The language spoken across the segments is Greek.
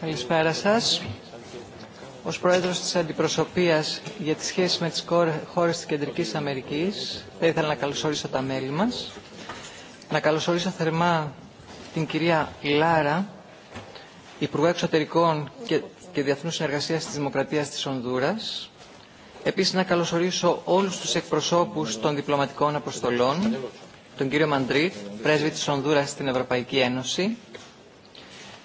Καλησπέρα σας. Ως Πρόεδρος της Αντιπροσωπείας για τις σχέσεις με τις χώρες της Κεντρικής Αμερικής, θα ήθελα να καλωσορίσω τα μέλη μας. Να καλωσορίσω θερμά την κυρία Λάρα, Υπουργό Εξωτερικών και, και Διεθνούς τη της Δημοκρατίας της Ονδούρας. Επίσης να καλωσορίσω όλους τους εκπροσώπους των διπλωματικών αποστολών τον κύριο Μαντρίτ, πρέσβη της Ονδούρας στην Ευρωπαϊκή Ένωση.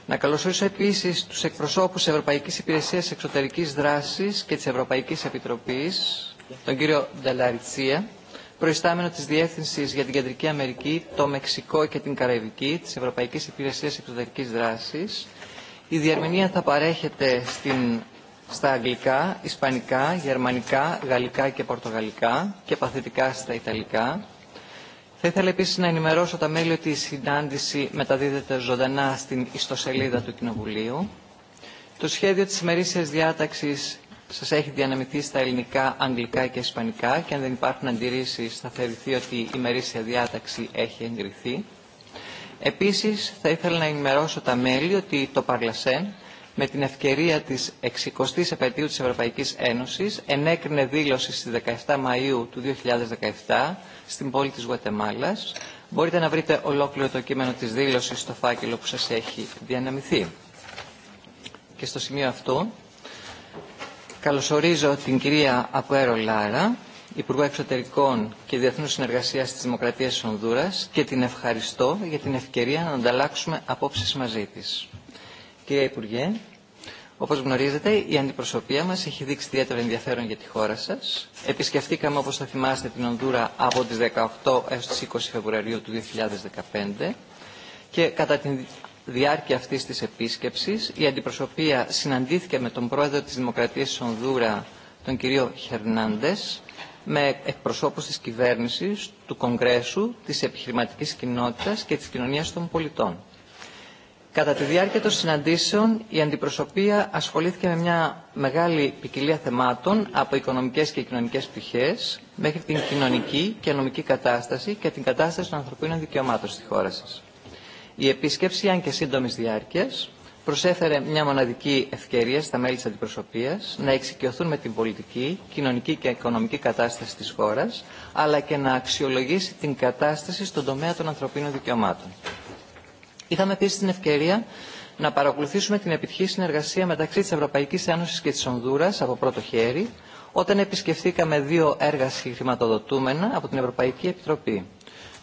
Να καλωσορίσω επίσης τους εκπροσώπους Ευρωπαϊκής Υπηρεσίας Εξωτερικής Δράσης και της Ευρωπαϊκής Επιτροπής, τον κύριο Νταλαριτσία, προϊστάμενο της Διεύθυνσης για την Κεντρική Αμερική, το Μεξικό και την Καραϊβική της Ευρωπαϊκής Υπηρεσίας Εξωτερικής Δράσης. Η διαρμηνία θα παρέχεται στην στα αγγλικά, ισπανικά, γερμανικά, γαλλικά και πορτογαλικά και παθητικά στα ιταλικά. Θα ήθελα επίσης να ενημερώσω τα μέλη ότι η συνάντηση μεταδίδεται ζωντανά στην ιστοσελίδα του Κοινοβουλίου. Το σχέδιο της ημερήσιας διάταξης σας έχει διανεμηθεί στα ελληνικά, αγγλικά και ισπανικά και αν δεν υπάρχουν αντιρρήσεις θα θεωρηθεί ότι η ημερήσια διάταξη έχει εγκριθεί. Επίσης, θα ήθελα να ενημερώσω τα μέλη ότι το Παρλασέν με την ευκαιρία της 60ης επαιτίου της Ευρωπαϊκής Ένωσης ενέκρινε δήλωση στις 17 Μαΐου του 2017 στην πόλη της Γουατεμάλας. Μπορείτε να βρείτε ολόκληρο το κείμενο της δήλωσης στο φάκελο που σας έχει διανεμηθεί. Και στο σημείο αυτό καλωσορίζω την κυρία Αποέρο Λάρα, Υπουργό Εξωτερικών και Διεθνού Συνεργασία τη Δημοκρατία τη και την ευχαριστώ για την ευκαιρία να ανταλλάξουμε απόψει μαζί τη. Κύριε Υπουργέ, Όπω γνωρίζετε, η αντιπροσωπεία μα έχει δείξει ιδιαίτερο ενδιαφέρον για τη χώρα σα. Επισκεφτήκαμε, όπω θα θυμάστε, την Ονδούρα από τι 18 έω τι 20 Φεβρουαρίου του 2015 και κατά τη διάρκεια αυτή τη επίσκεψη η αντιπροσωπεία συναντήθηκε με τον πρόεδρο τη Δημοκρατία τη Ονδούρα, τον κύριο Χερνάντε, με εκπροσώπους της κυβέρνησης, του Κογκρέσου, της επιχειρηματικής κοινότητας και της κοινωνίας των πολιτών. Κατά τη διάρκεια των συναντήσεων, η αντιπροσωπεία ασχολήθηκε με μια μεγάλη ποικιλία θεμάτων από οικονομικές και κοινωνικές πτυχές μέχρι την κοινωνική και νομική κατάσταση και την κατάσταση των ανθρωπίνων δικαιωμάτων στη χώρα σας. Η επίσκεψη, αν και σύντομης διάρκειας, προσέφερε μια μοναδική ευκαιρία στα μέλη της αντιπροσωπείας να εξοικειωθούν με την πολιτική, κοινωνική και οικονομική κατάσταση της χώρας, αλλά και να αξιολογήσει την κατάσταση στον τομέα των ανθρωπίνων δικαιωμάτων. Είχαμε επίση την ευκαιρία να παρακολουθήσουμε την επιτυχή συνεργασία μεταξύ τη Ευρωπαϊκή Ένωση και τη Ονδούρα από πρώτο χέρι, όταν επισκεφθήκαμε δύο έργα συγχρηματοδοτούμενα από την Ευρωπαϊκή Επιτροπή.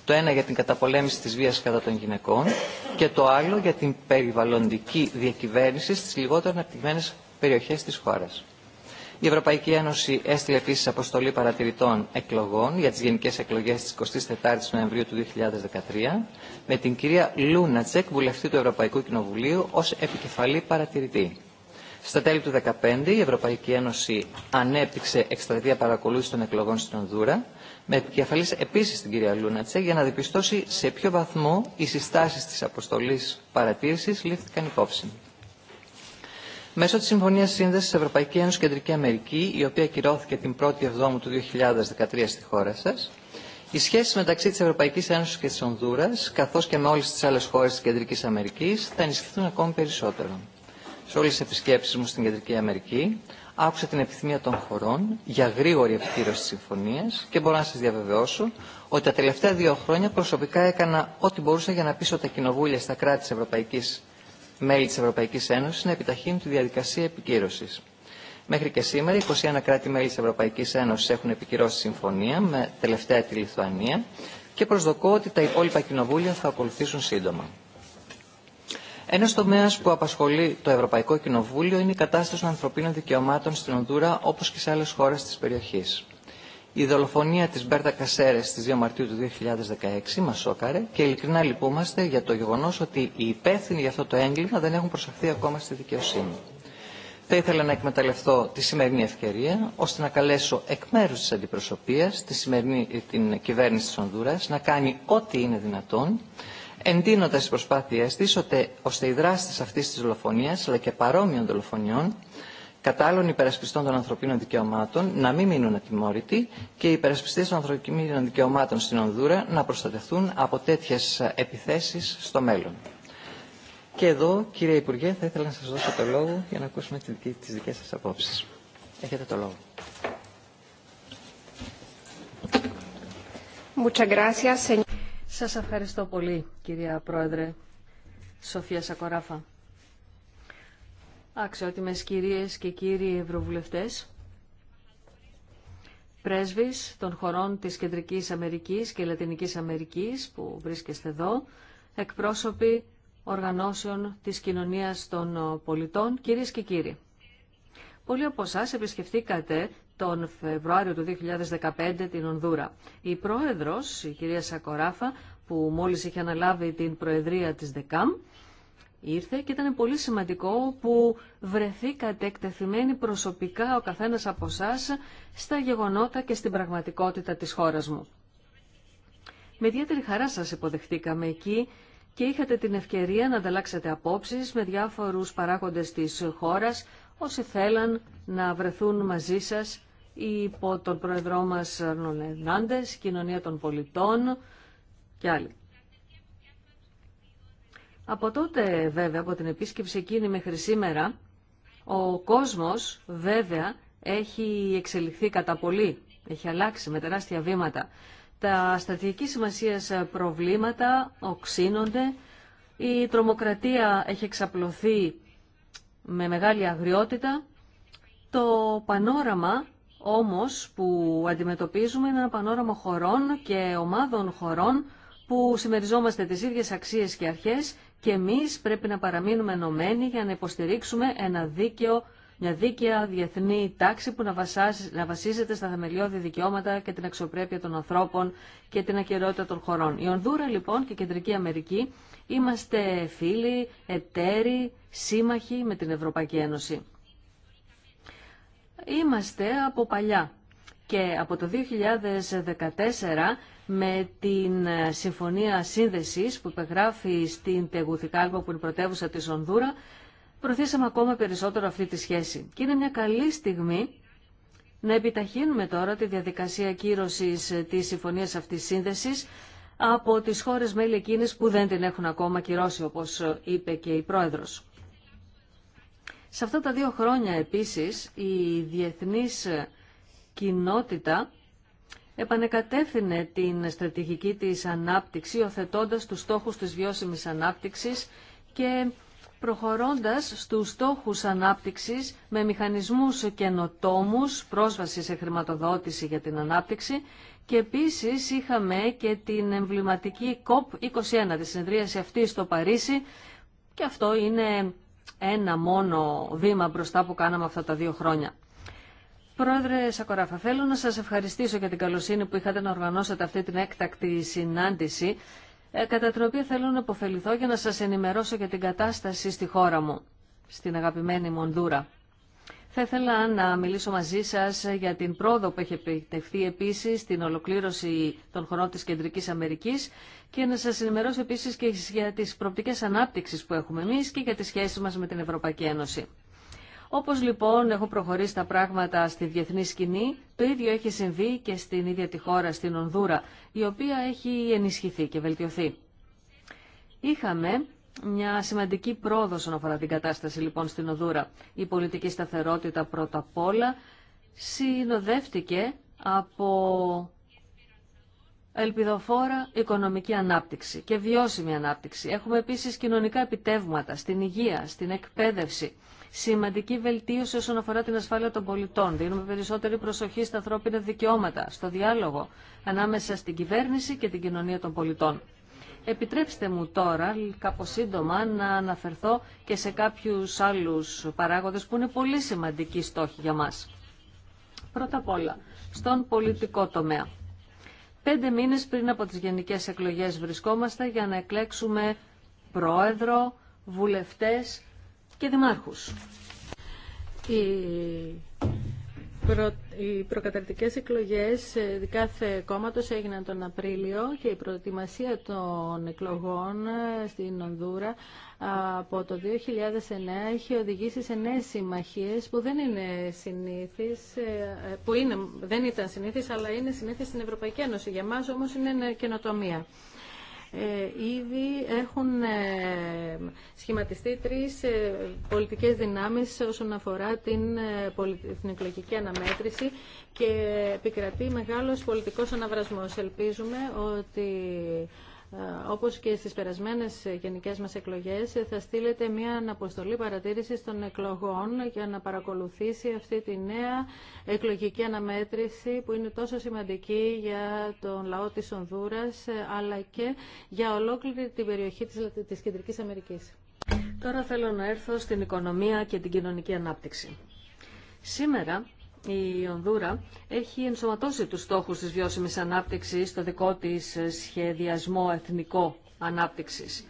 Το ένα για την καταπολέμηση τη βία κατά των γυναικών και το άλλο για την περιβαλλοντική διακυβέρνηση στι λιγότερο αναπτυγμένε περιοχέ τη χώρα. Η Ευρωπαϊκή Ένωση έστειλε επίση αποστολή παρατηρητών εκλογών για τι γενικέ εκλογέ τη 24η Νοεμβρίου του 2013 με την κυρία Λούνατσεκ, βουλευτή του Ευρωπαϊκού Κοινοβουλίου, ως επικεφαλή παρατηρητή. Στα τέλη του 2015 η Ευρωπαϊκή Ένωση ανέπτυξε εκστρατεία παρακολούθηση των εκλογών στην Ονδούρα, με επικεφαλή επίση την κυρία Λούνατσεκ, για να διπιστώσει σε ποιο βαθμό οι συστάσει τη αποστολή παρατήρησης λήφθηκαν υπόψη. Μέσω τη Συμφωνία Σύνδεσης Ευρωπαϊκή Ένωση Κεντρική Αμερική, η οποία κυρώθηκε την 1η Εβδόμου του 2013 στη χώρα σα. Οι σχέσει μεταξύ τη Ευρωπαϊκή Ένωση και τη Ονδούρα, καθώ και με όλε τι άλλε χώρε τη Κεντρική Αμερική, θα ενισχυθούν ακόμη περισσότερο. Σε όλε τι επισκέψει μου στην Κεντρική Αμερική, άκουσα την επιθυμία των χωρών για γρήγορη επικύρωση τη συμφωνία και μπορώ να σα διαβεβαιώσω ότι τα τελευταία δύο χρόνια προσωπικά έκανα ό,τι μπορούσα για να πείσω τα κοινοβούλια στα κράτη τη Ευρωπαϊκή μέλη τη Ευρωπαϊκή Ένωση να επιταχύνουν τη διαδικασία επικύρωση. Μέχρι και σήμερα, 21 κράτη-μέλη τη Ευρωπαϊκή Ένωση έχουν επικυρώσει συμφωνία, με τελευταία τη Λιθουανία, και προσδοκώ ότι τα υπόλοιπα κοινοβούλια θα ακολουθήσουν σύντομα. Ένα τομέα που απασχολεί το Ευρωπαϊκό Κοινοβούλιο είναι η κατάσταση των ανθρωπίνων δικαιωμάτων στην Ονδούρα όπω και σε άλλε χώρε τη περιοχή. Η δολοφονία τη Μπέρτα Κασέρε στι 2 Μαρτίου του 2016 μα σώκαρε και ειλικρινά λυπούμαστε για το γεγονό ότι οι υπεύθυνοι για αυτό το έγκλημα δεν έχουν προσαχθεί ακόμα στη δικαιοσύνη. Θα ήθελα να εκμεταλλευτώ τη σημερινή ευκαιρία ώστε να καλέσω εκ μέρους της αντιπροσωπείας τη σημερινή, την κυβέρνηση της Ονδούρας να κάνει ό,τι είναι δυνατόν εντείνοντας τις προσπάθειές της ώστε οι δράστες αυτής της δολοφονίας αλλά και παρόμοιων δολοφονιών κατά άλλων υπερασπιστών των ανθρωπίνων δικαιωμάτων να μην μείνουν ατιμόρυτοι και οι υπερασπιστές των ανθρωπίνων δικαιωμάτων στην Ονδούρα να προστατευτούν από τέτοιες επιθέσεις στο μέλλον. Και εδώ, κύριε Υπουργέ, θα ήθελα να σας δώσω το λόγο για να ακούσουμε τις δικές σας απόψεις. Έχετε το λόγο. Σας ευχαριστώ πολύ, κυρία Πρόεδρε Σοφία Σακοράφα. Αξιότιμες κυρίες και κύριοι ευρωβουλευτές, πρέσβεις των χωρών της Κεντρικής Αμερικής και Λατινικής Αμερικής που βρίσκεστε εδώ, εκπρόσωποι οργανώσεων της κοινωνίας των ε, πολιτών. Κυρίες και κύριοι, πολλοί από εσά επισκεφτήκατε τον Φεβρουάριο του 2015 την Ονδούρα. Η πρόεδρος, η κυρία Σακοράφα, που μόλις είχε αναλάβει την προεδρία της ΔΕΚΑΜ, ήρθε και ήταν πολύ σημαντικό που βρεθήκατε εκτεθειμένοι προσωπικά ο καθένας από εσά στα γεγονότα και στην πραγματικότητα της χώρας μου. Με ιδιαίτερη χαρά σας υποδεχτήκαμε εκεί και είχατε την ευκαιρία να ανταλλάξετε απόψεις με διάφορους παράγοντες της χώρας όσοι θέλαν να βρεθούν μαζί σας υπό τον Πρόεδρό μας Νολενάντες, Κοινωνία των Πολιτών και άλλοι. Από τότε βέβαια, από την επίσκεψη εκείνη μέχρι σήμερα, ο κόσμος βέβαια έχει εξελιχθεί κατά πολύ, έχει αλλάξει με τεράστια βήματα τα στρατηγική σημασίας προβλήματα οξύνονται, η τρομοκρατία έχει εξαπλωθεί με μεγάλη αγριότητα, το πανόραμα όμως που αντιμετωπίζουμε είναι ένα πανόραμα χωρών και ομάδων χωρών που συμμεριζόμαστε τις ίδιες αξίες και αρχές και εμείς πρέπει να παραμείνουμε ενωμένοι για να υποστηρίξουμε ένα δίκαιο μια δίκαια διεθνή τάξη που να, βασίζεται στα θεμελιώδη δικαιώματα και την αξιοπρέπεια των ανθρώπων και την ακαιρεότητα των χωρών. Η Ονδούρα λοιπόν και η Κεντρική Αμερική είμαστε φίλοι, εταίροι, σύμμαχοι με την Ευρωπαϊκή Ένωση. Είμαστε από παλιά και από το 2014 με την ε, Συμφωνία Σύνδεσης που υπεγράφει στην Τεγουθικάλπα που είναι πρωτεύουσα της Ονδούρα προωθήσαμε ακόμα περισσότερο αυτή τη σχέση. Και είναι μια καλή στιγμή να επιταχύνουμε τώρα τη διαδικασία κύρωση της συμφωνίας αυτής σύνδεσης από τις χώρες μέλη εκείνες που δεν την έχουν ακόμα κυρώσει, όπως είπε και η Πρόεδρος. Σε αυτά τα δύο χρόνια επίσης η διεθνής κοινότητα επανεκατεύθυνε την στρατηγική της ανάπτυξη, οθετώντας τους στόχους της βιώσιμης ανάπτυξης και προχωρώντας στους στόχους ανάπτυξης με μηχανισμούς καινοτόμους, πρόσβαση σε χρηματοδότηση για την ανάπτυξη και επίσης είχαμε και την εμβληματική COP21, τη συνεδρίαση αυτή στο Παρίσι και αυτό είναι ένα μόνο βήμα μπροστά που κάναμε αυτά τα δύο χρόνια. Πρόεδρε Σακοράφα, θέλω να σας ευχαριστήσω για την καλοσύνη που είχατε να οργανώσετε αυτή την έκτακτη συνάντηση ε, κατά την οποία θέλω να αποφεληθώ για να σας ενημερώσω για την κατάσταση στη χώρα μου, στην αγαπημένη Μονδούρα. Θα ήθελα να μιλήσω μαζί σας για την πρόοδο που έχει επιτευχθεί επίσης στην ολοκλήρωση των χωρών της Κεντρικής Αμερικής και να σας ενημερώσω επίσης και για τις προοπτικές ανάπτυξης που έχουμε εμείς και για τις σχέσεις μας με την Ευρωπαϊκή Ένωση. Όπως λοιπόν έχουν προχωρήσει τα πράγματα στη διεθνή σκηνή, το ίδιο έχει συμβεί και στην ίδια τη χώρα, στην Ονδούρα, η οποία έχει ενισχυθεί και βελτιωθεί. Είχαμε μια σημαντική πρόοδο όσον αφορά την κατάσταση λοιπόν στην Ονδούρα. Η πολιτική σταθερότητα πρώτα απ' όλα συνοδεύτηκε από ελπιδοφόρα οικονομική ανάπτυξη και βιώσιμη ανάπτυξη. Έχουμε επίσης κοινωνικά επιτεύγματα στην υγεία, στην εκπαίδευση. Σημαντική βελτίωση όσον αφορά την ασφάλεια των πολιτών. Δίνουμε περισσότερη προσοχή στα ανθρώπινα δικαιώματα, στο διάλογο ανάμεσα στην κυβέρνηση και την κοινωνία των πολιτών. Επιτρέψτε μου τώρα, κάπω σύντομα, να αναφερθώ και σε κάποιου άλλους παράγοντε που είναι πολύ σημαντικοί στόχοι για μας. Πρώτα απ' όλα, στον πολιτικό τομέα. Πέντε μήνες πριν από τις γενικές εκλογές βρισκόμαστε για να εκλέξουμε πρόεδρο, βουλευτές και δημάρχους. Οι, προ... οι προκαταρτικές εκλογές κάθε κόμματος έγιναν τον Απρίλιο και η προετοιμασία των εκλογών ε, στην Ονδούρα από το 2009 έχει οδηγήσει σε νέες συμμαχίες που δεν είναι συνήθεις, ε, που είναι, δεν ήταν συνήθεις αλλά είναι συνήθεις στην Ευρωπαϊκή Ένωση. Για μας όμως είναι καινοτομία. Ε, ήδη έχουν ε, σχηματιστεί τρεις ε, πολιτικές δυνάμεις όσον αφορά την, την εκλογική αναμέτρηση και επικρατεί μεγάλος πολιτικός αναβρασμός. Ελπίζουμε ότι όπως και στις περασμένες γενικές μας εκλογές, θα στείλετε μια αναποστολή παρατήρησης των εκλογών για να παρακολουθήσει αυτή τη νέα εκλογική αναμέτρηση που είναι τόσο σημαντική για τον λαό της Ονδούρας, αλλά και για ολόκληρη την περιοχή της Κεντρικής Αμερικής. Τώρα θέλω να έρθω στην οικονομία και την κοινωνική ανάπτυξη. Σήμερα η Ονδούρα έχει ενσωματώσει τους στόχους της βιώσιμης ανάπτυξης στο δικό της σχεδιασμό εθνικό ανάπτυξης.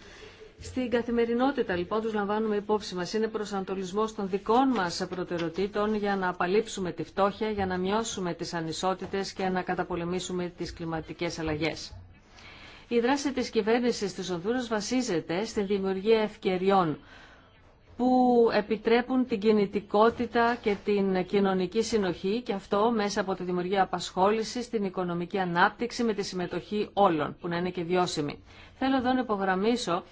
Στην καθημερινότητα λοιπόν τους λαμβάνουμε υπόψη μας. Είναι προσανατολισμός των δικών μας προτεραιοτήτων για να απαλείψουμε τη φτώχεια, για να μειώσουμε τις ανισότητες και να καταπολεμήσουμε τις κλιματικές αλλαγές. Η δράση της κυβέρνησης της Ονδούρας βασίζεται στη δημιουργία ευκαιριών που επιτρέπουν την κινητικότητα και την κοινωνική συνοχή και αυτό μέσα από τη δημιουργία απασχόλησης, την οικονομική ανάπτυξη με τη συμμετοχή όλων που να είναι και βιώσιμη. Θέλω εδώ να υπογραμμίσω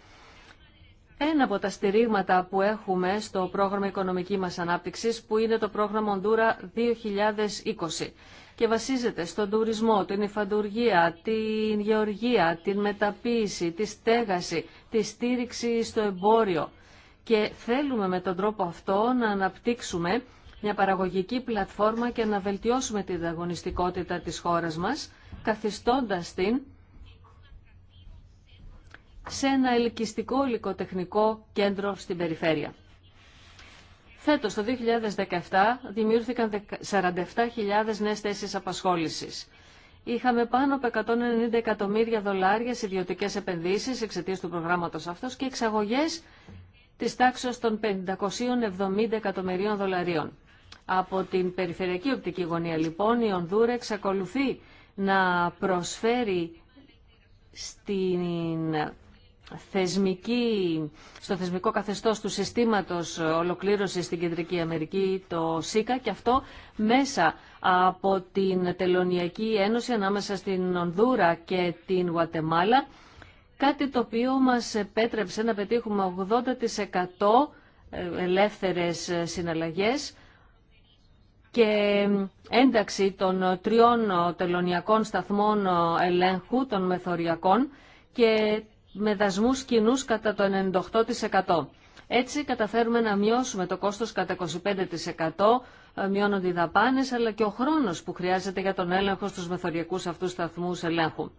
ένα από τα στηρίγματα που έχουμε στο πρόγραμμα οικονομική μας ανάπτυξης που είναι το πρόγραμμα Οντούρα 2020 και βασίζεται στον τουρισμό, την υφαντουργία, την γεωργία, την μεταποίηση, τη στέγαση, τη στήριξη στο εμπόριο και θέλουμε με τον τρόπο αυτό να αναπτύξουμε μια παραγωγική πλατφόρμα και να βελτιώσουμε την διαγωνιστικότητα της χώρας μας, καθιστώντας την σε ένα ελκυστικό υλικοτεχνικό κέντρο στην περιφέρεια. Φέτος, το 2017, δημιούργηκαν 47.000 νέες θέσεις απασχόλησης. Είχαμε πάνω από 190 εκατομμύρια δολάρια σε ιδιωτικές επενδύσεις εξαιτίας του προγράμματος αυτός και εξαγωγές της τάξης των 570 εκατομμυρίων δολαρίων. Από την περιφερειακή οπτική γωνία λοιπόν η Ονδούρα εξακολουθεί να προσφέρει στην θεσμική, στο θεσμικό καθεστώς του συστήματος ολοκλήρωσης στην Κεντρική Αμερική, το ΣΥΚΑ, και αυτό μέσα από την Τελωνιακή Ένωση ανάμεσα στην Ονδούρα και την Γουατεμάλα, κάτι το οποίο μας επέτρεψε να πετύχουμε 80% ε, ελεύθερες ε, συναλλαγές και ένταξη των ε, τριών τελωνιακών σταθμών ελέγχου των μεθοριακών και με δασμούς κοινούς κατά το 98%. Έτσι καταφέρουμε να μειώσουμε το κόστος κατά 25%, μειώνονται οι δαπάνες αλλά και ο χρόνος που χρειάζεται για τον έλεγχο στους μεθοριακούς αυτούς σταθμούς ελέγχου.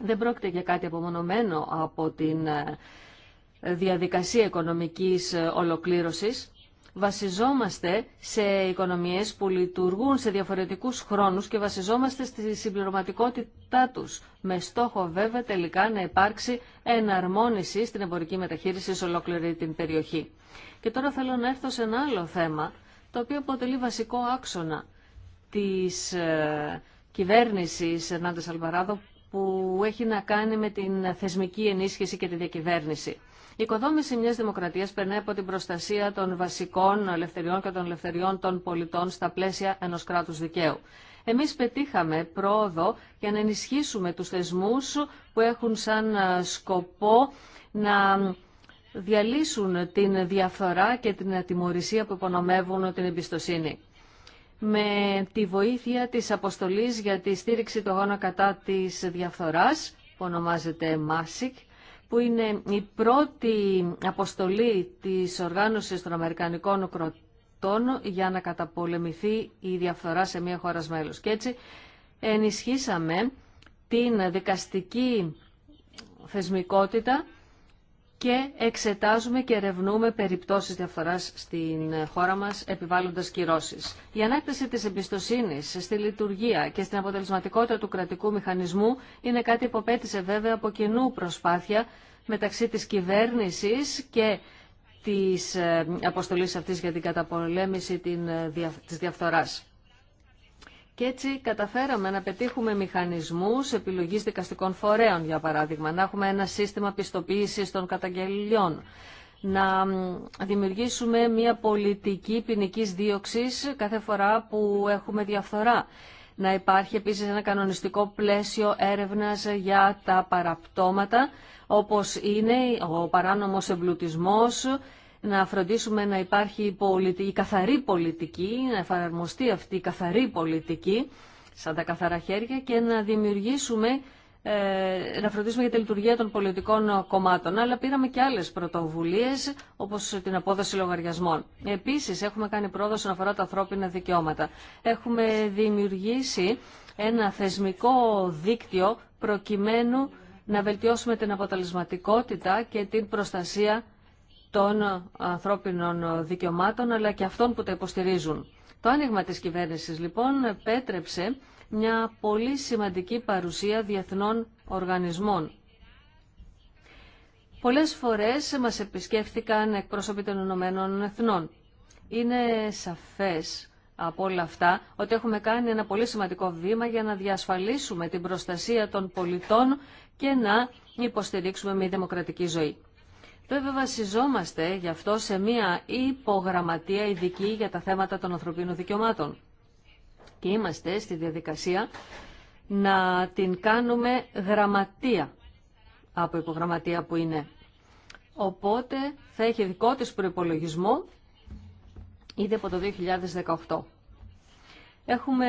Δεν πρόκειται για κάτι απομονωμένο από την ε, διαδικασία οικονομικής ε, ολοκλήρωσης. Βασιζόμαστε σε οικονομίες που λειτουργούν σε διαφορετικούς χρόνους και βασιζόμαστε στη συμπληρωματικότητά τους, με στόχο βέβαια τελικά να υπάρξει εναρμόνιση στην εμπορική μεταχείριση σε ολόκληρη την περιοχή. Και τώρα θέλω να έρθω σε ένα άλλο θέμα, το οποίο αποτελεί βασικό άξονα της ε, κυβέρνησης Ενάντες Αλβαράδο που έχει να κάνει με την θεσμική ενίσχυση και τη διακυβέρνηση. Η οικοδόμηση μιας δημοκρατίας περνάει από την προστασία των βασικών ελευθεριών και των ελευθεριών των πολιτών στα πλαίσια ενός κράτους δικαίου. Εμείς πετύχαμε πρόοδο για να ενισχύσουμε τους θεσμούς που έχουν σαν σκοπό να διαλύσουν την διαφθορά και την ατιμορρησία που υπονομεύουν την εμπιστοσύνη με τη βοήθεια της αποστολής για τη στήριξη του αγώνα κατά της διαφθοράς, που ονομάζεται MASIC, που είναι η πρώτη αποστολή της οργάνωσης των Αμερικανικών Οκροτών για να καταπολεμηθεί η διαφθορά σε μια χώρα μέλος. Και έτσι ενισχύσαμε την δικαστική θεσμικότητα και εξετάζουμε και ερευνούμε περιπτώσεις διαφοράς στην χώρα μας επιβάλλοντας κυρώσεις. Η ανάκτηση της εμπιστοσύνης στη λειτουργία και στην αποτελεσματικότητα του κρατικού μηχανισμού είναι κάτι που απέτησε βέβαια από κοινού προσπάθεια μεταξύ της κυβέρνησης και της ε, αποστολής αυτής για την καταπολέμηση ε, της διαφθοράς. Και έτσι καταφέραμε να πετύχουμε μηχανισμούς επιλογής δικαστικών φορέων, για παράδειγμα, να έχουμε ένα σύστημα πιστοποίησης των καταγγελιών, να δημιουργήσουμε μια πολιτική ποινική δίωξη κάθε φορά που έχουμε διαφθορά. Να υπάρχει επίσης ένα κανονιστικό πλαίσιο έρευνας για τα παραπτώματα, όπως είναι ο παράνομος εμπλουτισμός, να φροντίσουμε να υπάρχει η, καθαρή πολιτική, να εφαρμοστεί αυτή η καθαρή πολιτική, σαν τα καθαρά χέρια, και να δημιουργήσουμε, ε, να φροντίσουμε για τη λειτουργία των πολιτικών κομμάτων. Αλλά πήραμε και άλλες πρωτοβουλίες, όπως την απόδοση λογαριασμών. Επίσης, έχουμε κάνει πρόοδο όσον αφορά τα ανθρώπινα δικαιώματα. Έχουμε δημιουργήσει ένα θεσμικό δίκτυο προκειμένου να βελτιώσουμε την αποτελεσματικότητα και την προστασία των ανθρώπινων δικαιωμάτων αλλά και αυτών που τα υποστηρίζουν. Το άνοιγμα της κυβέρνησης λοιπόν επέτρεψε μια πολύ σημαντική παρουσία διεθνών οργανισμών. Πολλές φορές μας επισκέφθηκαν εκπρόσωποι των Ηνωμένων Εθνών. Είναι σαφές από όλα αυτά ότι έχουμε κάνει ένα πολύ σημαντικό βήμα για να διασφαλίσουμε την προστασία των πολιτών και να υποστηρίξουμε μια δημοκρατική ζωή. Βέβαια βασιζόμαστε γι' αυτό σε μία υπογραμματεία ειδική για τα θέματα των ανθρωπίνων δικαιωμάτων. Και είμαστε στη διαδικασία να την κάνουμε γραμματεία από υπογραμματεία που είναι. Οπότε θα έχει δικό της προϋπολογισμό ήδη από το 2018. Έχουμε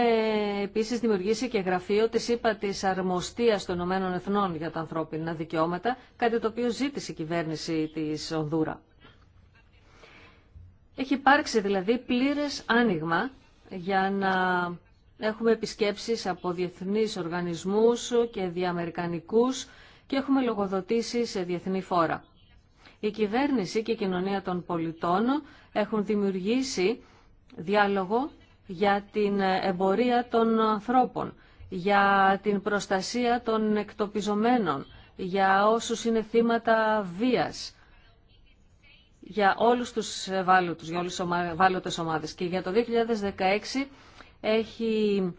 επίσης δημιουργήσει και γραφείο τη ΥΠΑ τη Αρμοστίας των Ηνωμένων Εθνών για τα ανθρώπινα δικαιώματα, κάτι το οποίο ζήτησε η κυβέρνηση της Ονδούρα. Έχει υπάρξει δηλαδή πλήρες άνοιγμα για να έχουμε επισκέψεις από διεθνείς οργανισμούς και διαμερικανικούς και έχουμε λογοδοτήσει σε διεθνή φόρα. Η κυβέρνηση και η κοινωνία των πολιτών έχουν δημιουργήσει διάλογο για την εμπορία των ανθρώπων, για την προστασία των εκτοπιζομένων, για όσους είναι θύματα βίας, για όλους τους ευάλωτους, για όλες ευάλωτες ομάδες. Και για το 2016 έχει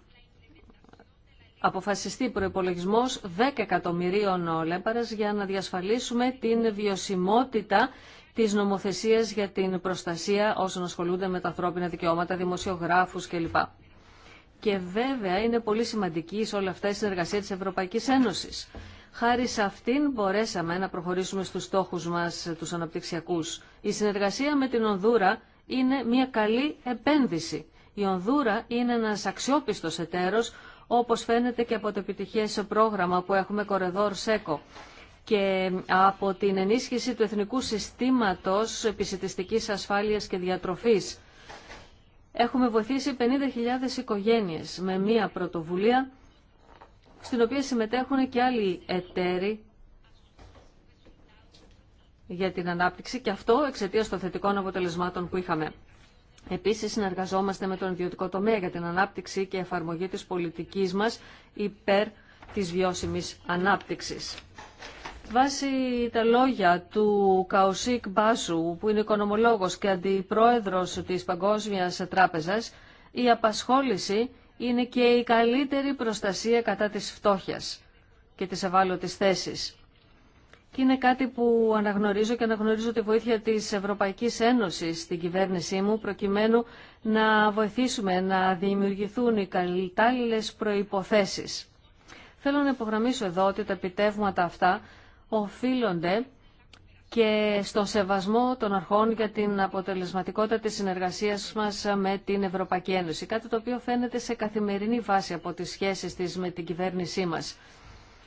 αποφασιστεί προϋπολογισμός 10 εκατομμυρίων λέμπαρες για να διασφαλίσουμε την βιωσιμότητα Τη νομοθεσία για την προστασία όσων ασχολούνται με τα ανθρώπινα δικαιώματα, δημοσιογράφου κλπ. Και βέβαια είναι πολύ σημαντική σε όλα αυτά η συνεργασία τη Ευρωπαϊκής Ένωσης. Χάρη σε αυτήν μπορέσαμε να προχωρήσουμε στους στόχους μας τους αναπτυξιακούς. Η συνεργασία με την Ονδούρα είναι μια καλή επένδυση. Η Ονδούρα είναι ένας αξιόπιστος εταίρος, όπως φαίνεται και από το επιτυχές πρόγραμμα που έχουμε Κορεδόρ Σέκο και από την ενίσχυση του Εθνικού Συστήματος Επισητιστικής Ασφάλειας και Διατροφής. Έχουμε βοηθήσει 50.000 οικογένειες με μία πρωτοβουλία, στην οποία συμμετέχουν και άλλοι εταίροι για την ανάπτυξη και αυτό εξαιτίας των θετικών αποτελεσμάτων που είχαμε. Επίσης συνεργαζόμαστε με τον ιδιωτικό τομέα για την ανάπτυξη και εφαρμογή της πολιτικής μας υπέρ της βιώσιμης ανάπτυξης. Βάσει τα λόγια του Καουσίκ Μπάσου, που είναι οικονομολόγος και αντιπρόεδρος της Παγκόσμιας Τράπεζας, η απασχόληση είναι και η καλύτερη προστασία κατά της φτώχειας και της ευάλωτης θέσης. Και είναι κάτι που αναγνωρίζω και αναγνωρίζω τη βοήθεια της Ευρωπαϊκής Ένωσης στην κυβέρνησή μου, προκειμένου να βοηθήσουμε να δημιουργηθούν οι κατάλληλε προϋποθέσεις. Θέλω να υπογραμμίσω εδώ ότι τα επιτεύγματα αυτά οφείλονται και στο σεβασμό των αρχών για την αποτελεσματικότητα της συνεργασίας μας με την Ευρωπαϊκή Ένωση. Κάτι το οποίο φαίνεται σε καθημερινή βάση από τις σχέσεις της με την κυβέρνησή μας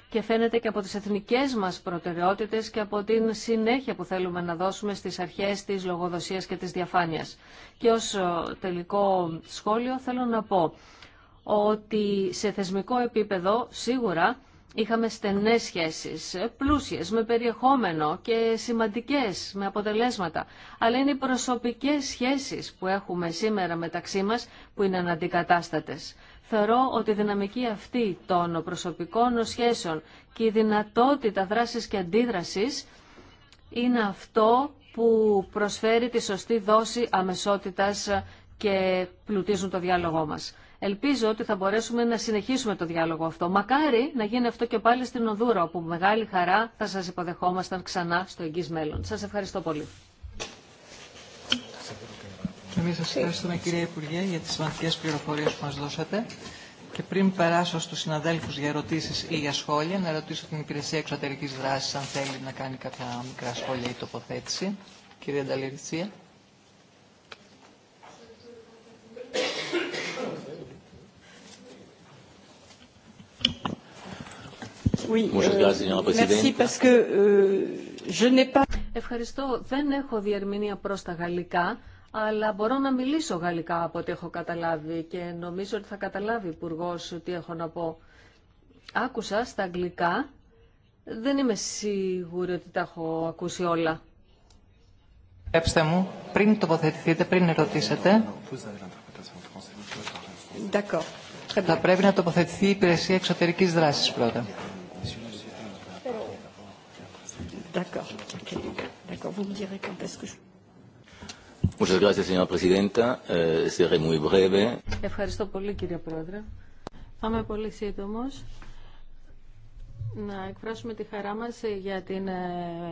και φαίνεται και από τις εθνικές μας προτεραιότητες και από την συνέχεια που θέλουμε να δώσουμε στις αρχές της λογοδοσίας και της διαφάνειας. Και ως ε, τελικό σχόλιο θέλω να πω ότι σε θεσμικό επίπεδο σίγουρα Είχαμε στενές σχέσεις, πλούσιες, με περιεχόμενο και σημαντικές, με αποτελέσματα. Αλλά είναι οι προσωπικές σχέσεις που έχουμε σήμερα μεταξύ μας που είναι αναντικατάστατες. Θεωρώ ότι η δυναμική αυτή των προσωπικών σχέσεων και η δυνατότητα δράσης και αντίδρασης είναι αυτό που προσφέρει τη σωστή δόση αμεσότητας και πλουτίζουν το διάλογό μας. Ελπίζω ότι θα μπορέσουμε να συνεχίσουμε το διάλογο αυτό. Μακάρι να γίνει αυτό και πάλι στην Οδούρα, όπου μεγάλη χαρά θα σας υποδεχόμασταν ξανά στο εγγύς μέλλον. Σας ευχαριστώ πολύ. Και εμείς σας ευχαριστούμε κυρία Υπουργέ για τις σημαντικές πληροφορίες που μας δώσατε. Και πριν περάσω στους συναδέλφους για ερωτήσεις ή για σχόλια, να ρωτήσω την Υπηρεσία Εξωτερικής Δράσης αν θέλει να κάνει κάποια μικρά σχόλια ή τοποθέτηση. Κυρία Ανταλήρη Ευχαριστώ. Δεν έχω διερμηνία προς τα γαλλικά, αλλά μπορώ να μιλήσω γαλλικά από ό,τι έχω καταλάβει και νομίζω ότι θα καταλάβει ο υπουργό τι έχω να πω. Άκουσα στα αγγλικά, δεν είμαι σίγουρη ότι τα έχω ακούσει όλα. μου, πριν τοποθετηθείτε, πριν ερωτήσετε, θα πρέπει να τοποθετηθεί η υπηρεσία εξωτερικής δράσης πρώτα. Ευχαριστώ πολύ, κύριε Πρόεδρε. Θα είμαι πολύ σύντομο Να εκφράσουμε τη χαρά μας για την ε,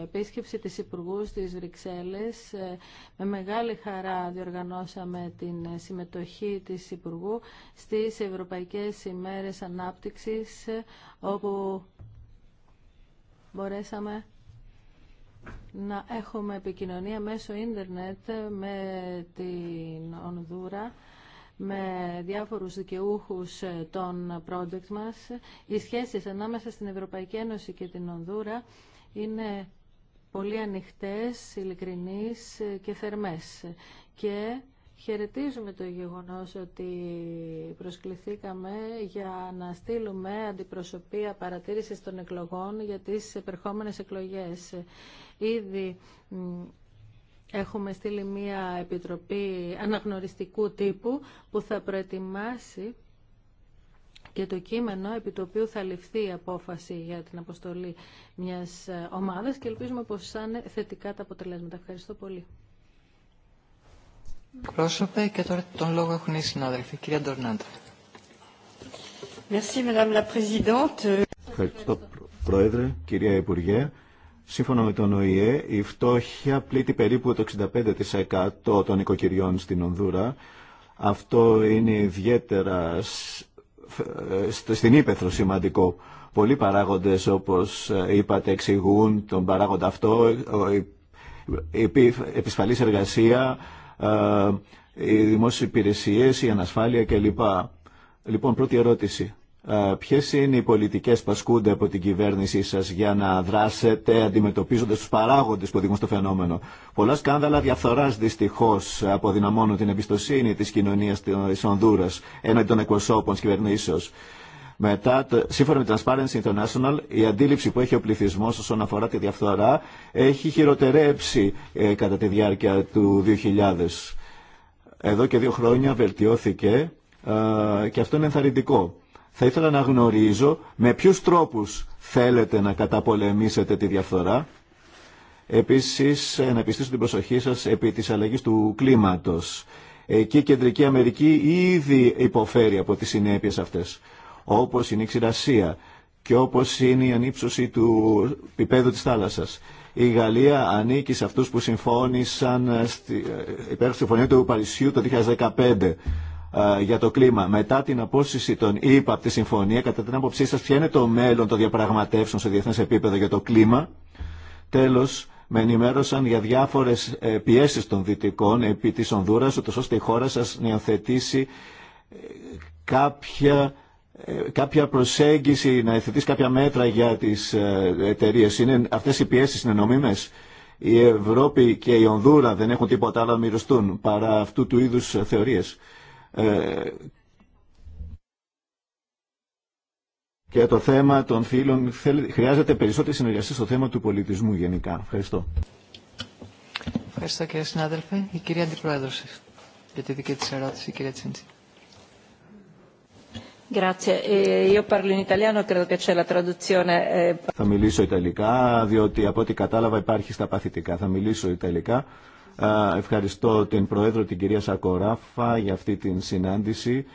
επίσκεψη της Υπουργού της Βρυξέλλες. Ε, με μεγάλη χαρά διοργανώσαμε την ε, συμμετοχή της Υπουργού στις Ευρωπαϊκές ημέρες Ανάπτυξης, όπου μπορέσαμε να έχουμε επικοινωνία μέσω ίντερνετ με την Ονδούρα με διάφορους δικαιούχους των project μας. Οι σχέσεις ανάμεσα στην Ευρωπαϊκή Ένωση και την Ονδούρα είναι πολύ ανοιχτές, ειλικρινείς και θερμές. Και Χαιρετίζουμε το γεγονός ότι προσκληθήκαμε για να στείλουμε αντιπροσωπεία παρατήρησης των εκλογών για τις επερχόμενες εκλογές. Ήδη έχουμε στείλει μία επιτροπή αναγνωριστικού τύπου που θα προετοιμάσει και το κείμενο επί το οποίο θα ληφθεί η απόφαση για την αποστολή μιας ομάδας και ελπίζουμε πως θα θετικά τα αποτελέσματα. Ευχαριστώ πολύ πρόσωπε και τώρα τον λόγο έχουν οι συνάδελφοι. Κυρία Ντορνάντα. Ευχαριστώ, Πρόεδρε, κυρία Υπουργέ. Σύμφωνα με τον ΟΗΕ, η φτώχεια πλήττει περίπου το 65% των οικοκυριών στην Ονδούρα. Αυτό είναι ιδιαίτερα ε, στην ύπεθρο σημαντικό. Πολλοί παράγοντες, όπως ε, είπατε, εξηγούν τον παράγοντα αυτό, επισφαλής εργασία, ε, οι δημόσιες υπηρεσίες, η ανασφάλεια κλπ. Λοιπόν, πρώτη ερώτηση. Ε, ποιες είναι οι πολιτικές που ασκούνται από την κυβέρνησή σας για να δράσετε αντιμετωπίζοντας τους παράγοντες που οδηγούν στο φαινόμενο. Πολλά σκάνδαλα διαφθοράς δυστυχώς αποδυναμώνουν την εμπιστοσύνη της κοινωνίας της Ονδούρας έναντι των εκπροσώπων της κυβερνήσεως. Μετά, σύμφωνα με Transparency International, η αντίληψη που έχει ο πληθυσμό όσον αφορά τη διαφθορά έχει χειροτερέψει ε, κατά τη διάρκεια του 2000. Εδώ και δύο χρόνια βελτιώθηκε ε, και αυτό είναι ενθαρρυντικό. Θα ήθελα να γνωρίζω με ποιους τρόπους θέλετε να καταπολεμήσετε τη διαφθορά. Επίσης, ε, να επιστήσω την προσοχή σας επί της αλλαγής του κλίματος. Εκεί η Κεντρική Αμερική ήδη υποφέρει από τις συνέπειες αυτές όπως είναι η ξηρασία και όπως είναι η ανύψωση του πιπέδου της θάλασσας. Η Γαλλία ανήκει σε αυτούς που συμφώνησαν στη, ε, υπέρ του συμφωνία του Παρισιού το 2015 ε, για το κλίμα. Μετά την απόσυση των ΗΠΑ από τη συμφωνία, κατά την άποψή σας, ποιο είναι το μέλλον των διαπραγματεύσεων σε διεθνές επίπεδο για το κλίμα. Τέλος, με ενημέρωσαν για διάφορες ε, πιέσεις των δυτικών επί της Ονδούρας, ώστε η χώρα σας να υιοθετήσει κάποια ε, κάποια προσέγγιση, να εθετείς κάποια μέτρα για τις ε, εταιρείε. Είναι, αυτές οι πιέσεις είναι νομίμες. Η Ευρώπη και η Ονδούρα δεν έχουν τίποτα άλλο να μοιραστούν παρά αυτού του είδους θεωρίες. Ε, και το θέμα των φίλων χρειάζεται περισσότερη συνεργασία στο θέμα του πολιτισμού γενικά. Ευχαριστώ. Ευχαριστώ κύριε συνάδελφε. Η κυρία Αντιπρόεδρος για τη δική της ερώτηση, η κυρία Τσίντσι. Θα μιλήσω Ιταλικά, διότι από ό,τι κατάλαβα υπάρχει στα παθητικά. Θα μιλήσω Ιταλικά. Ευχαριστώ την Προέδρο, την κυρία Σακοράφα, για αυτή την συνάντηση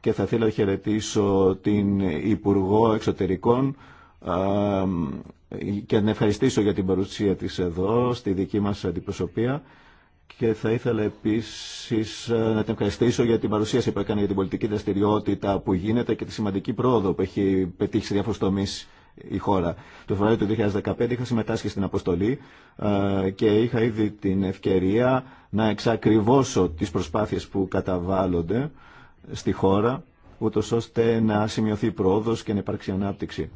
και θα θέλω να χαιρετήσω την Υπουργό Εξωτερικών και να ευχαριστήσω για την παρουσία της εδώ, στη δική μας αντιπροσωπεία. Και θα ήθελα επίση ε, να την ευχαριστήσω για την παρουσίαση που έκανε για την πολιτική δραστηριότητα που γίνεται και τη σημαντική πρόοδο που έχει πετύχει σε διάφορου τομεί η χώρα. Το Φεβρουάριο του 2015 είχα συμμετάσχει στην αποστολή ε, και είχα ήδη την ευκαιρία να εξακριβώσω τις προσπάθειες που καταβάλλονται στη χώρα, ούτως ώστε να σημειωθεί πρόοδος και να υπάρξει ανάπτυξη.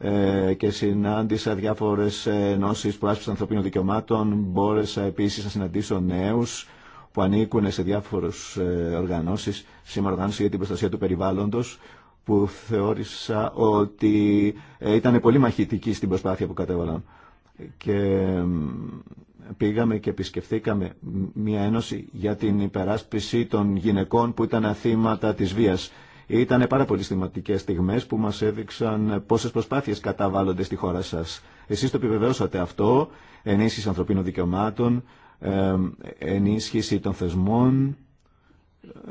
Ε, και συνάντησα διάφορες ενώσεις προάσπισης ανθρωπίνων δικαιωμάτων. Μπόρεσα επίσης να συναντήσω νέους που ανήκουν σε διάφορους ε, οργανώσεις, σήμερα οργάνωση για την προστασία του περιβάλλοντος, που θεώρησα ότι ε, ήταν πολύ μαχητική στην προσπάθεια που κατέβαλαν. Και πήγαμε και επισκεφθήκαμε μια ένωση για την υπεράσπιση των γυναικών που ήταν αθήματα της βίας ήταν πάρα πολύ σημαντικέ στιγμέ που μα έδειξαν πόσε προσπάθειε καταβάλλονται στη χώρα σα. Εσεί το επιβεβαιώσατε αυτό, ενίσχυση ανθρωπίνων δικαιωμάτων, ε, ενίσχυση των θεσμών,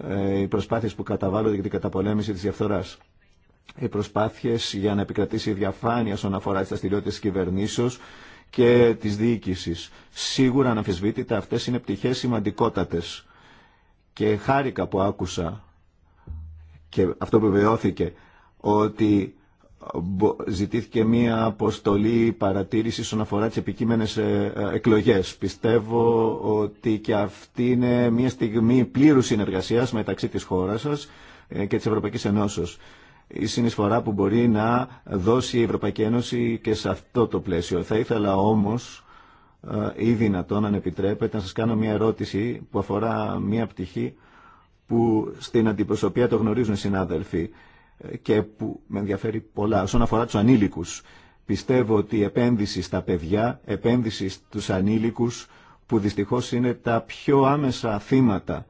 ε, οι προσπάθειε που καταβάλλονται για την καταπολέμηση τη διαφθοράς. Οι προσπάθειε για να επικρατήσει η διαφάνεια όσον αφορά τι δραστηριότητε τη κυβερνήσεω και τη διοίκηση. Σίγουρα αναμφισβήτητα αυτέ είναι πτυχέ σημαντικότατε Και χάρηκα που άκουσα και αυτό επιβεβαιώθηκε ότι ζητήθηκε μία αποστολή παρατήρηση όσον αφορά τις επικείμενες ε, ε, εκλογές. Πιστεύω ότι και αυτή είναι μία στιγμή πλήρους συνεργασίας μεταξύ της χώρας σας ε, και της Ευρωπαϊκής Ενώσεως. Η συνεισφορά που μπορεί να δώσει η Ευρωπαϊκή Ένωση και σε αυτό το πλαίσιο. Θα ήθελα όμως ή δυνατόν αν επιτρέπετε να σας κάνω μία ερώτηση που αφορά μία πτυχή που στην αντιπροσωπεία το γνωρίζουν οι συνάδελφοι και που με ενδιαφέρει πολλά. Όσον αφορά τους ανήλικους, πιστεύω ότι η επένδυση στα παιδιά, επένδυση στους ανήλικους, που δυστυχώς είναι τα πιο άμεσα θύματα,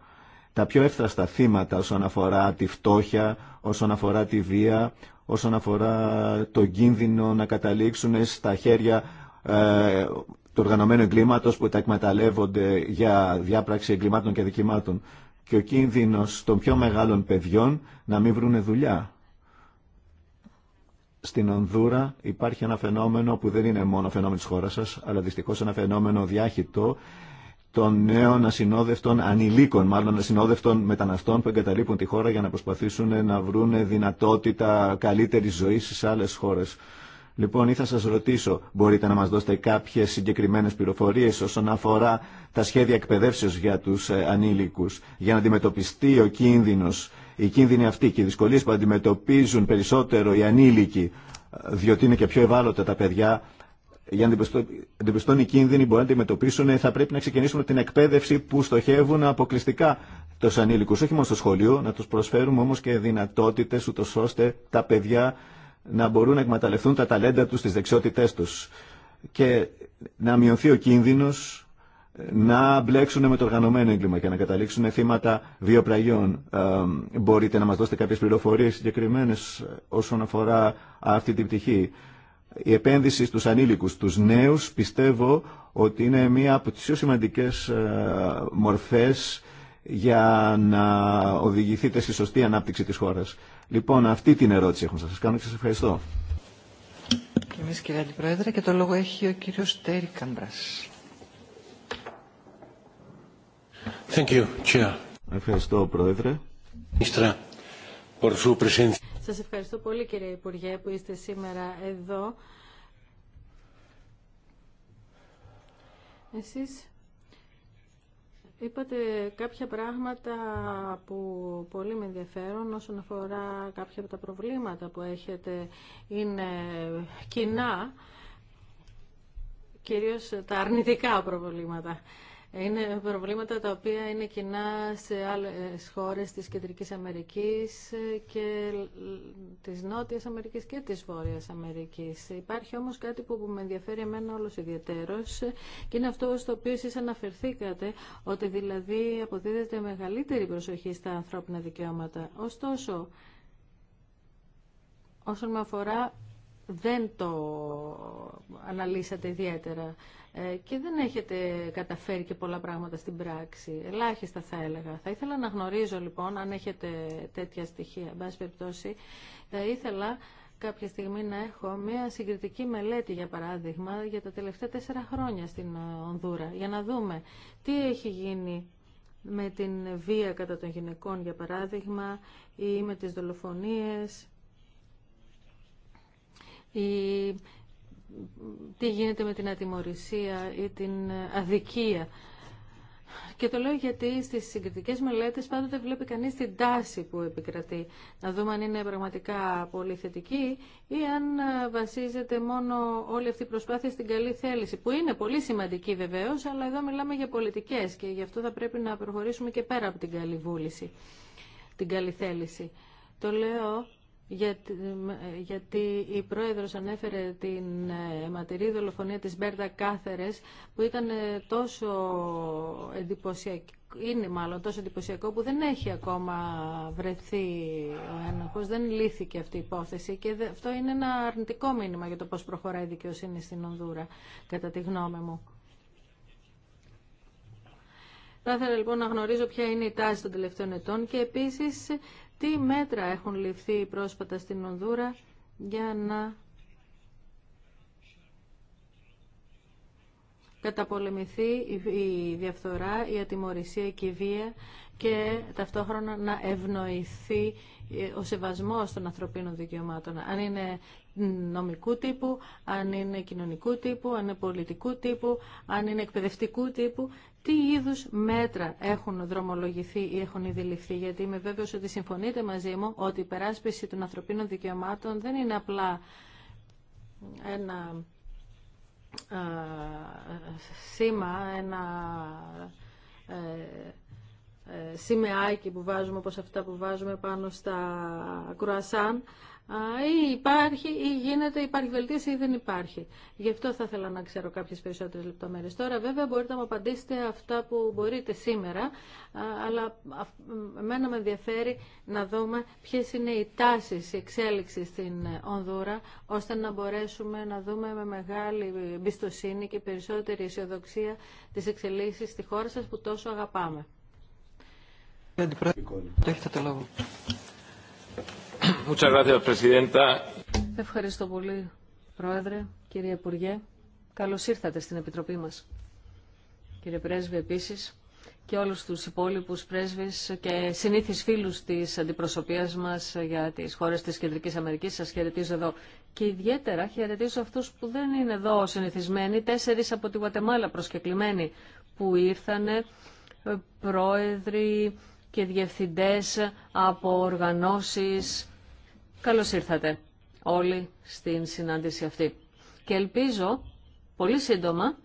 τα πιο εύθραστα θύματα όσον αφορά τη φτώχεια, όσον αφορά τη βία, όσον αφορά το κίνδυνο να καταλήξουν στα χέρια ε, του οργανωμένου εγκλήματος που τα εκμεταλλεύονται για διάπραξη εγκλημάτων και δικημάτων και ο κίνδυνος των πιο μεγάλων παιδιών να μην βρούνε δουλειά. Στην Ονδούρα υπάρχει ένα φαινόμενο που δεν είναι μόνο φαινόμενο της χώρας σας, αλλά δυστυχώς ένα φαινόμενο διάχυτο των νέων ασυνόδευτων ανηλίκων, μάλλον ασυνόδευτων μεταναστών που εγκαταλείπουν τη χώρα για να προσπαθήσουν να βρουν δυνατότητα καλύτερης ζωής σε άλλες χώρες. Λοιπόν, ή θα σας ρωτήσω, μπορείτε να μας δώσετε κάποιες συγκεκριμένες πληροφορίες όσον αφορά τα σχέδια εκπαιδεύσεως για τους ε, ανήλικους, για να αντιμετωπιστεί ο κίνδυνος, οι κίνδυνοι αυτοί και οι δυσκολίες που αντιμετωπίζουν περισσότερο οι ανήλικοι, διότι είναι και πιο ευάλωτα τα παιδιά, για να αντιμετωπιστούν οι κίνδυνοι μπορεί να αντιμετωπίσουν, θα πρέπει να ξεκινήσουμε την εκπαίδευση που στοχεύουν αποκλειστικά τους ανήλικους, όχι μόνο στο σχολείο, να του προσφέρουμε όμω και δυνατότητε, ούτω ώστε τα παιδιά να μπορούν να εκμεταλλευτούν τα ταλέντα τους, τις δεξιότητές τους και να μειωθεί ο κίνδυνος να μπλέξουν με το οργανωμένο έγκλημα και να καταλήξουν θύματα βιοπραγιών. Ε, μπορείτε να μας δώσετε κάποιες πληροφορίες συγκεκριμένε όσον αφορά αυτή την πτυχή. Η επένδυση στους ανήλικους, στους νέους, πιστεύω ότι είναι μία από τις πιο σημαντικές ε, μορφές για να οδηγηθείτε στη σωστή ανάπτυξη της χώρας. Λοιπόν, αυτή την ερώτηση έχω να σας κάνω και σας ευχαριστώ. Και εμείς κύριε Αντιπρόεδρε και το λόγο έχει ο κύριος Τέρι Καμπράς. Thank you, Chair. Ευχαριστώ, Πρόεδρε. Σας ευχαριστώ πολύ, κύριε Υπουργέ, που είστε σήμερα εδώ. Εσείς Είπατε κάποια πράγματα που πολύ με ενδιαφέρουν όσον αφορά κάποια από τα προβλήματα που έχετε είναι κοινά, κυρίως τα αρνητικά προβλήματα. Είναι προβλήματα τα οποία είναι κοινά σε άλλες χώρες της Κεντρικής Αμερικής και της Νότιας Αμερικής και της Βόρειας Αμερικής. Υπάρχει όμως κάτι που με ενδιαφέρει εμένα όλος ιδιαίτερος και είναι αυτό στο οποίο εσείς αναφερθήκατε, ότι δηλαδή αποδίδεται μεγαλύτερη προσοχή στα ανθρώπινα δικαιώματα. Ωστόσο, όσον με αφορά δεν το αναλύσατε ιδιαίτερα ε, και δεν έχετε καταφέρει και πολλά πράγματα στην πράξη. Ελάχιστα θα έλεγα. Θα ήθελα να γνωρίζω λοιπόν αν έχετε τέτοια στοιχεία. Εν πάση περιπτώσει, θα ήθελα κάποια στιγμή να έχω μια συγκριτική μελέτη, για παράδειγμα, για τα τελευταία τέσσερα χρόνια στην Ονδούρα, για να δούμε τι έχει γίνει με την βία κατά των γυναικών, για παράδειγμα, ή με τις δολοφονίες τι γίνεται με την ατιμορρησία ή την αδικία. Και το λέω γιατί στις συγκριτικές μελέτες πάντοτε βλέπει κανείς την τάση που επικρατεί. Να δούμε αν είναι πραγματικά πολύ θετική ή αν βασίζεται μόνο όλη αυτή η προσπάθεια στην καλή θέληση, που είναι πολύ σημαντική βεβαίως, αλλά εδώ μιλάμε για πολιτικές και γι' αυτό θα πρέπει να προχωρήσουμε και πέρα από την καλή βούληση, την καλή θέληση. Το λέω γιατί η πρόεδρος ανέφερε την ε, αιματηρή δολοφονία της Μπέρτα Κάθερες που ήταν ε, τόσο εντυπωσιακή είναι μάλλον τόσο εντυπωσιακό που δεν έχει ακόμα βρεθεί ο ένοχος, δεν λύθηκε αυτή η υπόθεση και αυτό είναι ένα αρνητικό μήνυμα για το πώς προχωράει η δικαιοσύνη στην Ονδούρα, κατά τη γνώμη μου. Θα ήθελα λοιπόν να γνωρίζω ποια είναι η τάση των τελευταίων ετών και επίσης τι μέτρα έχουν ληφθεί πρόσφατα στην Ονδούρα για να καταπολεμηθεί η διαφθορά, η ατιμορρησία και η βία και ταυτόχρονα να ευνοηθεί ο σεβασμός των ανθρωπίνων δικαιωμάτων. Αν είναι νομικού τύπου, αν είναι κοινωνικού τύπου, αν είναι πολιτικού τύπου, αν είναι εκπαιδευτικού τύπου, τι είδους μέτρα έχουν δρομολογηθεί ή έχουν ειδηληφθεί, γιατί είμαι βέβαιος ότι συμφωνείτε μαζί μου ότι η περάσπιση των ανθρωπίνων δικαιωμάτων δεν είναι απλά ένα σήμα, ένα ε, σημεάκι που βάζουμε, όπως αυτά που βάζουμε πάνω στα κρουασάν, ή υπάρχει ή γίνεται, υπάρχει βελτίωση ή δεν υπάρχει. Γι' αυτό θα ήθελα να ξέρω κάποιες περισσότερες λεπτομέρειες. Τώρα βέβαια μπορείτε να μου απαντήσετε αυτά που μπορείτε σήμερα, αλλά εμένα με ενδιαφέρει να δούμε ποιες είναι οι τάσεις, η εξέλιξη στην Ονδούρα, ώστε να μπορέσουμε να δούμε με μεγάλη εμπιστοσύνη και περισσότερη αισιοδοξία τις εξελίξεις στη χώρα σας που τόσο αγαπάμε. Ευχαριστώ πολύ, Πρόεδρε, κύριε Υπουργέ. Καλώς ήρθατε στην Επιτροπή μας. Κύριε Πρέσβη, επίσης, και όλους τους υπόλοιπους πρέσβεις και συνήθεις φίλους της αντιπροσωπείας μας για τις χώρες της Κεντρικής Αμερικής. Σας χαιρετίζω εδώ. Και ιδιαίτερα χαιρετίζω αυτούς που δεν είναι εδώ συνηθισμένοι, τέσσερις από τη Γουατεμάλα προσκεκλημένοι που ήρθανε, ε, πρόεδροι, και διευθυντές από οργανώσεις. Καλώς ήρθατε όλοι στην συνάντηση αυτή. Και ελπίζω πολύ σύντομα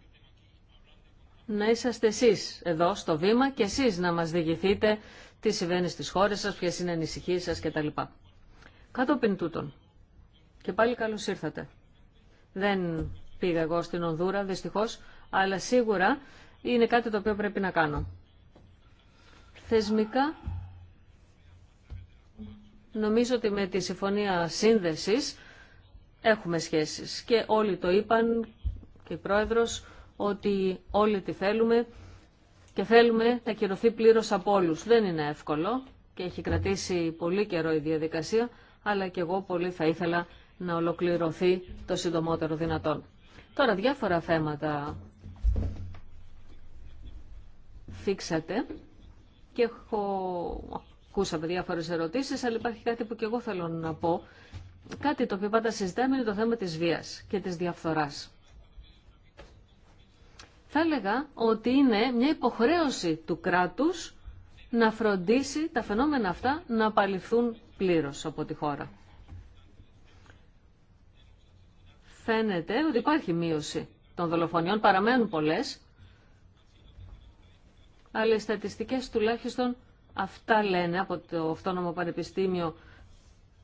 να είσαστε εσείς εδώ στο βήμα και εσείς να μας διηγηθείτε τι συμβαίνει στις χώρες σας, ποιες είναι οι ανησυχίες σας κτλ. Κατόπιν τούτων. Και πάλι καλώς ήρθατε. Δεν πήγα εγώ στην Ονδούρα, δυστυχώς, αλλά σίγουρα είναι κάτι το οποίο πρέπει να κάνω. Θεσμικά, νομίζω ότι με τη συμφωνία σύνδεσης έχουμε σχέσεις και όλοι το είπαν και η Πρόεδρος ότι όλοι τη θέλουμε και θέλουμε να κυρωθεί πλήρως από όλου. Δεν είναι εύκολο και έχει κρατήσει πολύ καιρό η διαδικασία, αλλά και εγώ πολύ θα ήθελα να ολοκληρωθεί το συντομότερο δυνατόν. Τώρα διάφορα θέματα φίξατε και έχω... από διάφορες ερωτήσεις, αλλά υπάρχει κάτι που και εγώ θέλω να πω. Κάτι το οποίο πάντα συζητάμε είναι το θέμα της βίας και της διαφθοράς. Θα έλεγα ότι είναι μια υποχρέωση του κράτους να φροντίσει τα φαινόμενα αυτά να απαλληφθούν πλήρως από τη χώρα. Φαίνεται ότι υπάρχει μείωση των δολοφονιών, παραμένουν πολλές, αλλά οι στατιστικές τουλάχιστον αυτά λένε από το Αυτόνομο Πανεπιστήμιο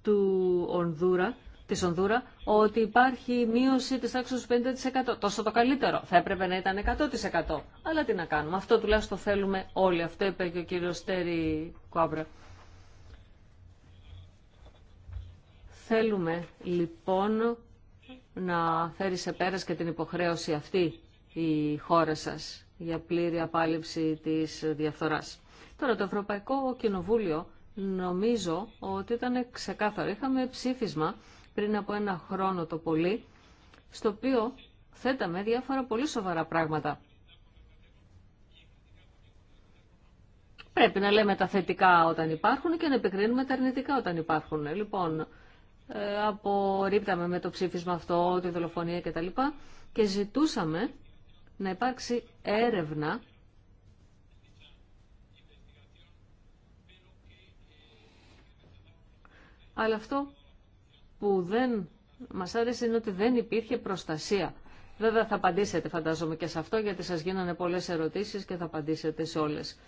του Ονδούρα, της Ονδούρα, ότι υπάρχει μείωση της τάξης 50%. Τόσο το καλύτερο. Θα έπρεπε να ήταν 100%. Αλλά τι να κάνουμε. Αυτό τουλάχιστον θέλουμε όλοι. Αυτό είπε και ο κύριος Στέρι Κουάμπρε. Θέλουμε λοιπόν να φέρει σε πέρας και την υποχρέωση αυτή η χώρα σας για πλήρη απάλληψη της διαφθοράς. Τώρα το Ευρωπαϊκό Κοινοβούλιο νομίζω ότι ήταν ξεκάθαρο. Είχαμε ψήφισμα πριν από ένα χρόνο το πολύ, στο οποίο θέταμε διάφορα πολύ σοβαρά πράγματα. Πρέπει να λέμε τα θετικά όταν υπάρχουν και να επικρίνουμε τα αρνητικά όταν υπάρχουν. Λοιπόν, ε, απορρίπταμε με το ψήφισμα αυτό, τη δολοφονία κτλ. Και, και ζητούσαμε να υπάρξει έρευνα αλλά αυτό που δεν μας άρεσε είναι ότι δεν υπήρχε προστασία. Βέβαια θα απαντήσετε φαντάζομαι και σε αυτό γιατί σας γίνανε πολλές ερωτήσεις και θα απαντήσετε σε όλες.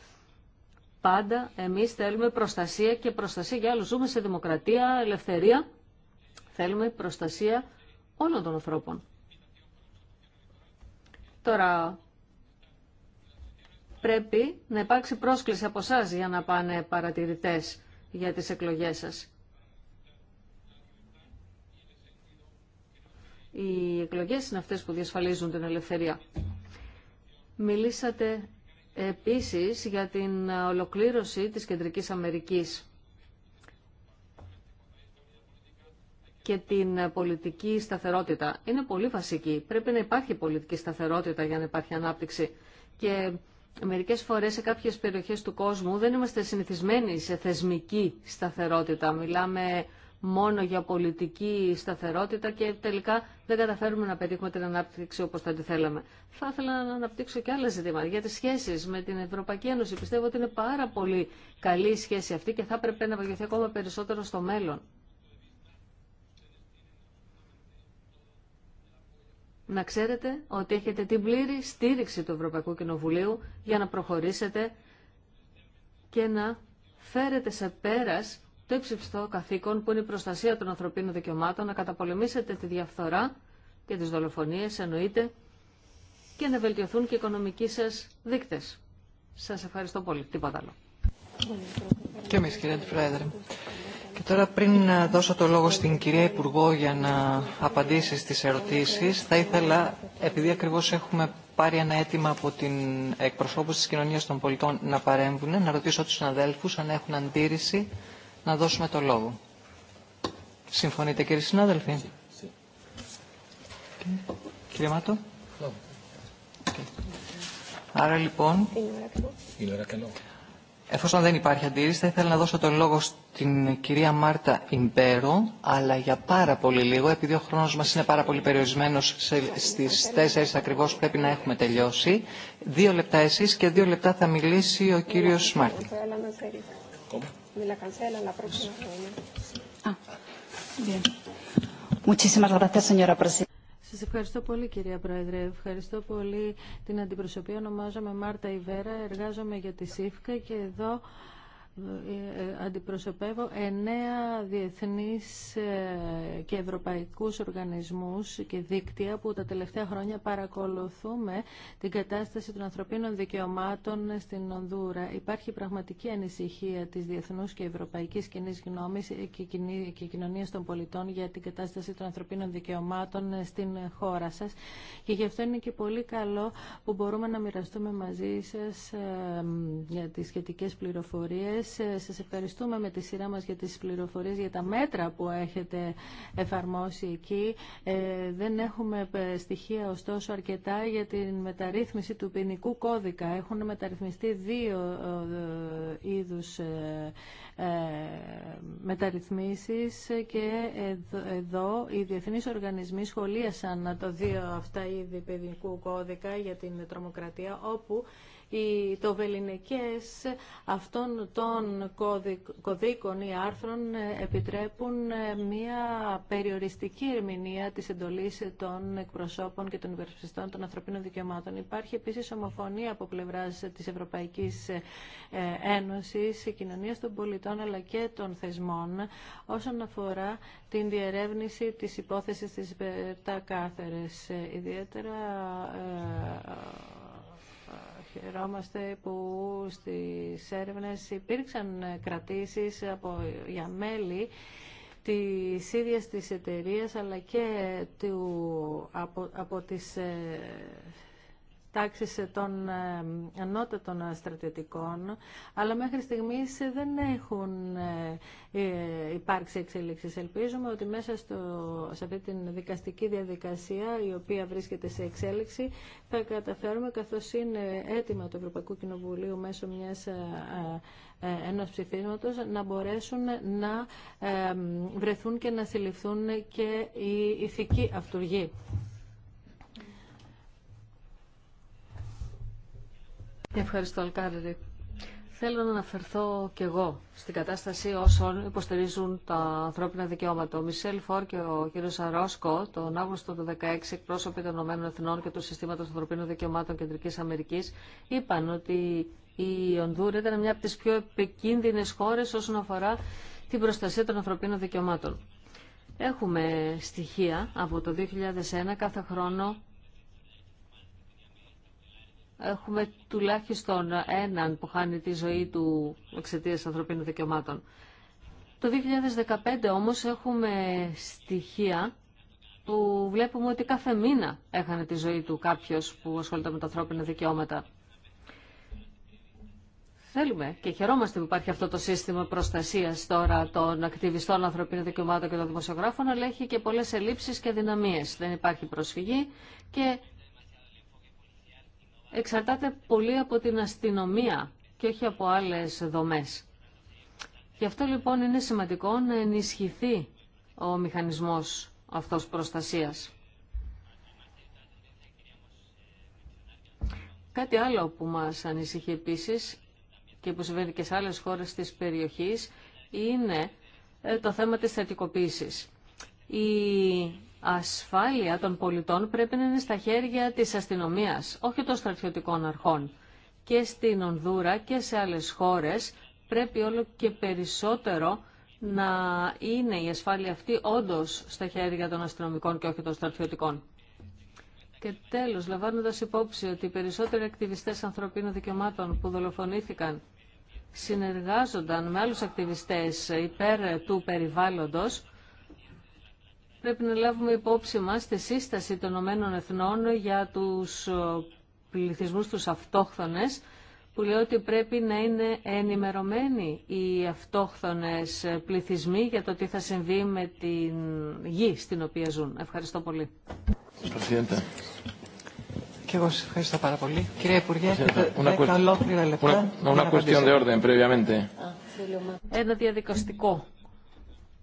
Πάντα εμείς θέλουμε προστασία και προστασία για άλλους. Ζούμε σε δημοκρατία, ελευθερία. Θέλουμε προστασία όλων των ανθρώπων. Τώρα πρέπει να υπάρξει πρόσκληση από εσά για να πάνε παρατηρητές για τις εκλογές σας. Οι εκλογές είναι αυτές που διασφαλίζουν την ελευθερία. Μιλήσατε επίσης για την ολοκλήρωση της Κεντρικής Αμερικής. και την πολιτική σταθερότητα. Είναι πολύ βασική. Πρέπει να υπάρχει πολιτική σταθερότητα για να υπάρχει ανάπτυξη. Και μερικέ φορέ σε κάποιε περιοχέ του κόσμου δεν είμαστε συνηθισμένοι σε θεσμική σταθερότητα. Μιλάμε μόνο για πολιτική σταθερότητα και τελικά δεν καταφέρουμε να πετύχουμε την ανάπτυξη όπως θα τη θέλαμε. Θα ήθελα να αναπτύξω και άλλα ζητήματα για τις σχέσεις με την Ευρωπαϊκή Ένωση. Πιστεύω ότι είναι πάρα πολύ καλή η σχέση αυτή και θα έπρεπε να βαγιωθεί ακόμα περισσότερο στο μέλλον. να ξέρετε ότι έχετε την πλήρη στήριξη του Ευρωπαϊκού Κοινοβουλίου για να προχωρήσετε και να φέρετε σε πέρας το υψηφιστό καθήκον που είναι η προστασία των ανθρωπίνων δικαιωμάτων, να καταπολεμήσετε τη διαφθορά και τις δολοφονίες εννοείται και να βελτιωθούν και οι οικονομικοί σας δείκτες. Σας ευχαριστώ πολύ. Τίποτα άλλο. Και τώρα πριν να ε, δώσω το λόγο στην κυρία Υπουργό για να απαντήσει στις ερωτήσεις, θα ήθελα, επειδή ακριβώς έχουμε πάρει ένα αίτημα από την εκπροσώπηση της κοινωνίας των πολιτών να παρέμβουν, να ρωτήσω τους συναδέλφους αν έχουν αντίρρηση να δώσουμε το λόγο. Συμφωνείτε κύριοι συνάδελφοι. Κύριε Μάτο. Άρα λοιπόν... Εφόσον δεν υπάρχει αντίρρηση, θα ήθελα να δώσω τον λόγο στην κυρία Μάρτα Ιμπέρο, αλλά για πάρα πολύ λίγο, επειδή ο χρόνος μας είναι πάρα πολύ περιορισμένος, στις 4 ακριβώς πρέπει να έχουμε τελειώσει. Δύο λεπτά εσείς και δύο λεπτά θα μιλήσει ο κύριος Μάρτη. Σας ευχαριστώ πολύ κυρία Πρόεδρε. Ευχαριστώ πολύ την αντιπροσωπεία. Ονομάζομαι Μάρτα Ιβέρα, εργάζομαι για τη ΣΥΦΚΑ και εδώ αντιπροσωπεύω εννέα διεθνείς ε, και ευρωπαϊκούς οργανισμούς και δίκτυα που τα τελευταία χρόνια παρακολουθούμε την κατάσταση των ανθρωπίνων δικαιωμάτων στην Ονδούρα. Υπάρχει πραγματική ανησυχία της διεθνούς και ευρωπαϊκής κοινή γνώμης και κοινωνία των πολιτών για την κατάσταση των ανθρωπίνων δικαιωμάτων στην χώρα σας και γι' αυτό είναι και πολύ καλό που μπορούμε να μοιραστούμε μαζί σας ε, για τις σχετικές πληροφορίες ε, σας ευχαριστούμε με τη σειρά μας για τις πληροφορίες, για τα μέτρα που έχετε εφαρμόσει εκεί. Ε, δεν έχουμε ε, στοιχεία ωστόσο αρκετά για την μεταρρύθμιση του ποινικού κώδικα. Έχουν μεταρρυθμιστεί δύο είδους μεταρρυθμίσεις και εδώ οι διεθνείς οργανισμοί σχολίασαν το δύο αυτά είδη ποινικού κώδικα για την τρομοκρατία όπου οι τοβελινικές αυτών των κωδίκων ή άρθρων επιτρέπουν ε, μια περιοριστική ερμηνεία της εντολής των εκπροσώπων και των υπερασπιστών των ανθρωπίνων δικαιωμάτων. Υπάρχει επίσης ομοφωνία από πλευράς της Ευρωπαϊκής ε, Ένωσης, κοινωνίας των πολιτών αλλά και των θεσμών όσον αφορά την διερεύνηση της υπόθεσης της Περτά Κάθερες. Ε, ιδιαίτερα Χαιρόμαστε που στις έρευνες υπήρξαν κρατήσεις από, για μέλη της ίδιας της εταιρείας αλλά και του, από, από ε, τάξης των ε, ανώτατων στρατιωτικών, αλλά μέχρι στιγμής δεν έχουν ε, ε, υπάρξει εξελίξεις. Ελπίζουμε ότι μέσα στο, σε αυτή την δικαστική διαδικασία, η οποία βρίσκεται σε εξέλιξη, θα καταφέρουμε, καθώς είναι έτοιμα το Ευρωπαϊκό Κοινοβουλίο μέσω μιας ενός ψηφίσματος, να μπορέσουν να βρεθούν και να συλληφθούν και οι ηθικοί αυτούργοι. Ευχαριστώ, Αλκάρι. Θέλω να αναφερθώ κι εγώ στην κατάσταση όσων υποστηρίζουν τα ανθρώπινα δικαιώματα. Ο Μισελ Φόρ και ο κ. Αρόσκο τον Αύγουστο του 2016, εκπρόσωποι των ΗΠΑ και του Συστήματο Ανθρωπίνων Δικαιωμάτων Κεντρική Αμερική, είπαν ότι η Ονδούρα ήταν μια από τι πιο επικίνδυνε χώρε όσον αφορά την προστασία των ανθρωπίνων δικαιωμάτων. Έχουμε στοιχεία από το 2001 κάθε χρόνο έχουμε τουλάχιστον έναν που χάνει τη ζωή του εξαιτία ανθρωπίνων δικαιωμάτων. Το 2015 όμως έχουμε στοιχεία που βλέπουμε ότι κάθε μήνα έχανε τη ζωή του κάποιος που ασχολείται με τα ανθρώπινα δικαιώματα. Θέλουμε και χαιρόμαστε που υπάρχει αυτό το σύστημα προστασίας τώρα των ακτιβιστών ανθρωπίνων δικαιωμάτων και των δημοσιογράφων, αλλά έχει και πολλές ελλείψεις και δυναμίες. Δεν υπάρχει προσφυγή και εξαρτάται πολύ από την αστυνομία και όχι από άλλες δομές. Γι' αυτό λοιπόν είναι σημαντικό να ενισχυθεί ο μηχανισμός αυτός προστασίας. Κάτι άλλο που μας ανησυχεί επίσης και που συμβαίνει και σε άλλες χώρες της περιοχής είναι ε, το θέμα της θετικοποίησης. Η ασφάλεια των πολιτών πρέπει να είναι στα χέρια της αστυνομίας, όχι των στρατιωτικών αρχών. Και στην Ονδούρα και σε άλλες χώρες πρέπει όλο και περισσότερο να είναι η ασφάλεια αυτή όντως στα χέρια των αστυνομικών και όχι των στρατιωτικών. Και τέλος, λαμβάνοντας υπόψη ότι οι περισσότεροι ακτιβιστές ανθρωπίνων δικαιωμάτων που δολοφονήθηκαν συνεργάζονταν με άλλους ακτιβιστές υπέρ του περιβάλλοντος, πρέπει να λάβουμε υπόψη μας τη σύσταση των Ηνωμένων Εθνών για τους ε, πληθυσμούς τους αυτόχθονες που λέει ότι πρέπει να είναι ενημερωμένοι οι αυτόχθονες πληθυσμοί για το τι θα συμβεί με την γη στην οποία ζουν. Ευχαριστώ πολύ. Και εγώ σας ευχαριστώ πάρα πολύ. Κύριε Υπουργέ, ολόκληρα Ένα διαδικαστικό,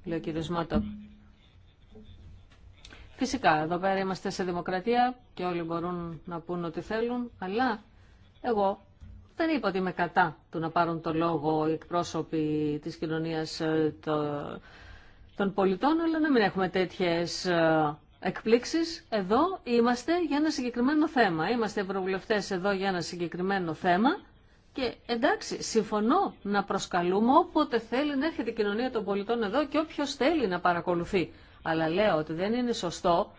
λέει ο κύριος Φυσικά, εδώ πέρα είμαστε σε δημοκρατία και όλοι μπορούν να πούν ό,τι θέλουν, αλλά εγώ δεν είπα ότι είμαι κατά του να πάρουν το λόγο οι εκπρόσωποι της κοινωνίας ε, των πολιτών, αλλά να μην έχουμε τέτοιες ε, εκπλήξεις. Εδώ είμαστε για ένα συγκεκριμένο θέμα. Είμαστε ευρωβουλευτές εδώ για ένα συγκεκριμένο θέμα. Και εντάξει, συμφωνώ να προσκαλούμε όποτε θέλει να έρχεται η κοινωνία των πολιτών εδώ και όποιο θέλει να παρακολουθεί. Αλλά λέω ότι δεν είναι σωστό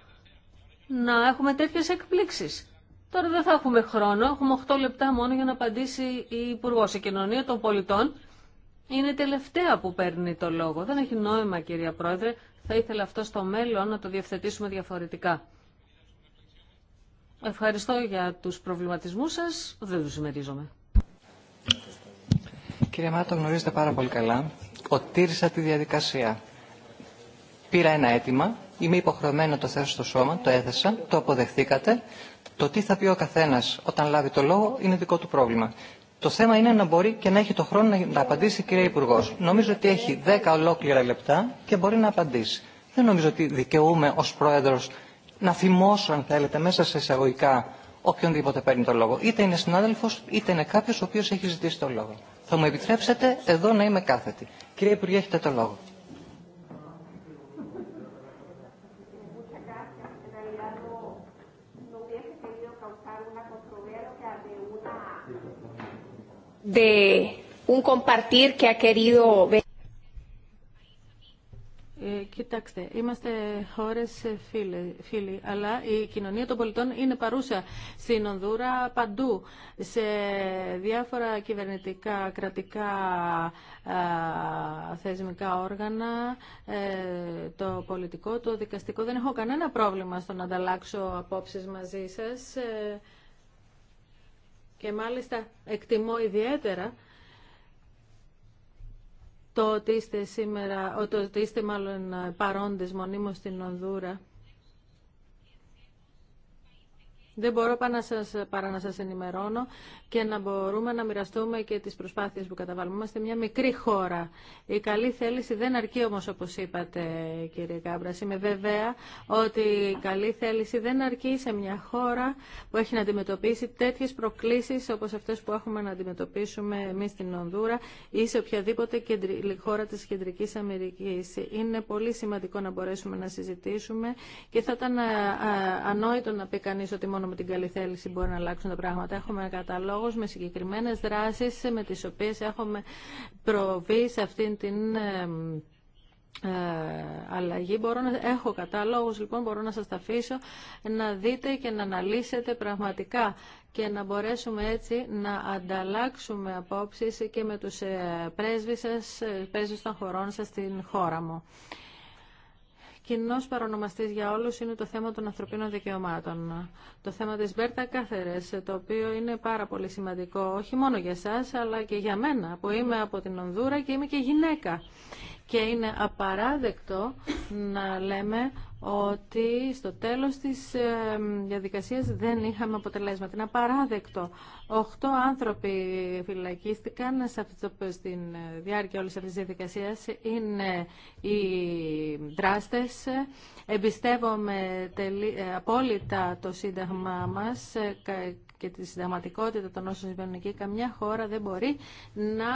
να έχουμε τέτοιες εκπλήξεις. Τώρα δεν θα έχουμε χρόνο, έχουμε 8 λεπτά μόνο για να απαντήσει η Υπουργό. Η κοινωνία των πολιτών είναι τελευταία που παίρνει το λόγο. Δεν έχει νόημα, κυρία Πρόεδρε. Θα ήθελα αυτό στο μέλλον να το διευθετήσουμε διαφορετικά. Ευχαριστώ για τους προβληματισμούς σας. Δεν τους συμμερίζομαι. Κύριε Μάτο, γνωρίζετε πάρα πολύ καλά. τήρησα τη διαδικασία. Πήρα ένα αίτημα, είμαι υποχρεωμένο να το θέσω στο σώμα, το έθεσα, το αποδεχθήκατε. Το τι θα πει ο καθένα όταν λάβει το λόγο είναι δικό του πρόβλημα. Το θέμα είναι να μπορεί και να έχει το χρόνο να απαντήσει η κυρία Υπουργό. Νομίζω ότι έχει δέκα ολόκληρα λεπτά και μπορεί να απαντήσει. Δεν νομίζω ότι δικαιούμαι ω πρόεδρο να θυμώσω, αν θέλετε, μέσα σε εισαγωγικά οποιονδήποτε παίρνει το λόγο. Είτε είναι συνάδελφο, είτε είναι κάποιο ο οποίο έχει ζητήσει το λόγο. Θα μου επιτρέψετε εδώ να είμαι κάθετη. Κυρία Υπουργέ, έχετε το λόγο. de un compartir que ha querido ε, κοιτάξτε, είμαστε χώρε ε, φίλοι, αλλά η κοινωνία των πολιτών είναι παρούσα στην Ονδούρα παντού, σε διάφορα κυβερνητικά, κρατικά α, θεσμικά όργανα, ε, το πολιτικό, το δικαστικό. Δεν έχω κανένα πρόβλημα στο να ανταλλάξω απόψεις μαζί σας και μάλιστα εκτιμώ ιδιαίτερα το ότι είστε σήμερα, ότι είστε μάλλον παρόντες μονίμως στην Ονδούρα Δεν μπορώ παρά να σας, να ενημερώνω και να μπορούμε να μοιραστούμε και τις προσπάθειες που καταβάλουμε. Είμαστε μια μικρή χώρα. Η καλή θέληση δεν αρκεί όμως όπως είπατε κύριε Κάμπρας. Είμαι βεβαία ότι η καλή θέληση δεν αρκεί σε μια χώρα που έχει να αντιμετωπίσει τέτοιες προκλήσεις όπως αυτές που έχουμε να αντιμετωπίσουμε εμείς στην Ονδούρα ή σε οποιαδήποτε χώρα της Κεντρικής Αμερικής. Είναι πολύ σημαντικό να μπορέσουμε να συζητήσουμε και θα ήταν ε, ε, ανόητο να πει κανεί ότι μόνο με την καλή θέληση μπορεί να αλλάξουν τα πράγματα. Έχουμε καταλόγους με συγκεκριμένες δράσεις με τις οποίες έχουμε προβεί σε αυτήν την ε, αλλαγή. Μπορώ να, έχω κατάλογους, λοιπόν, μπορώ να σας τα αφήσω να δείτε και να αναλύσετε πραγματικά και να μπορέσουμε έτσι να ανταλλάξουμε απόψεις και με τους ε, πρέσβεις, σα ε, πρέσβεις των χωρών σας στην χώρα μου. Κοινό παρονομαστή για όλου είναι το θέμα των ανθρωπίνων δικαιωμάτων. Το θέμα τη Μπέρτα Κάθερε, το οποίο είναι πάρα πολύ σημαντικό όχι μόνο για εσά, αλλά και για μένα, που είμαι από την Ονδούρα και είμαι και γυναίκα και είναι απαράδεκτο να λέμε ότι στο τέλος της ε, διαδικασίας δεν είχαμε αποτελέσματα. Είναι απαράδεκτο. Οχτώ άνθρωποι φυλακίστηκαν στην ε, διάρκεια όλης αυτής της διαδικασίας. Είναι οι δράστες. Εμπιστεύομαι ε, απόλυτα το Σύνταγμα μας και τη συνταγματικότητα των όσων συμβαίνουν εκεί. Καμιά χώρα δεν μπορεί να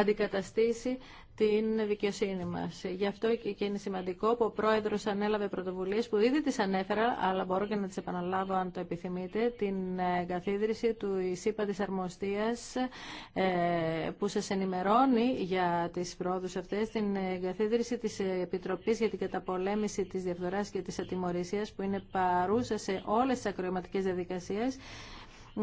αντικαταστήσει την δικαιοσύνη μας. Γι' αυτό και είναι σημαντικό που ο πρόεδρος ανέλαβε πρωτοβουλίες που ήδη τι ανέφερα, αλλά μπορώ και να τις επαναλάβω αν το επιθυμείτε, την ε, καθίδρυση του ΙΣΥΠΑ τη Αρμοστία ε, που σας ενημερώνει για τις πρόοδου αυτέ την ε, καθίδρυση της Επιτροπής για την καταπολέμηση της διαφθοράς και τη Ατιμορρυσία, που είναι παρούσα σε όλες τις ακροηματικέ διαδικασίες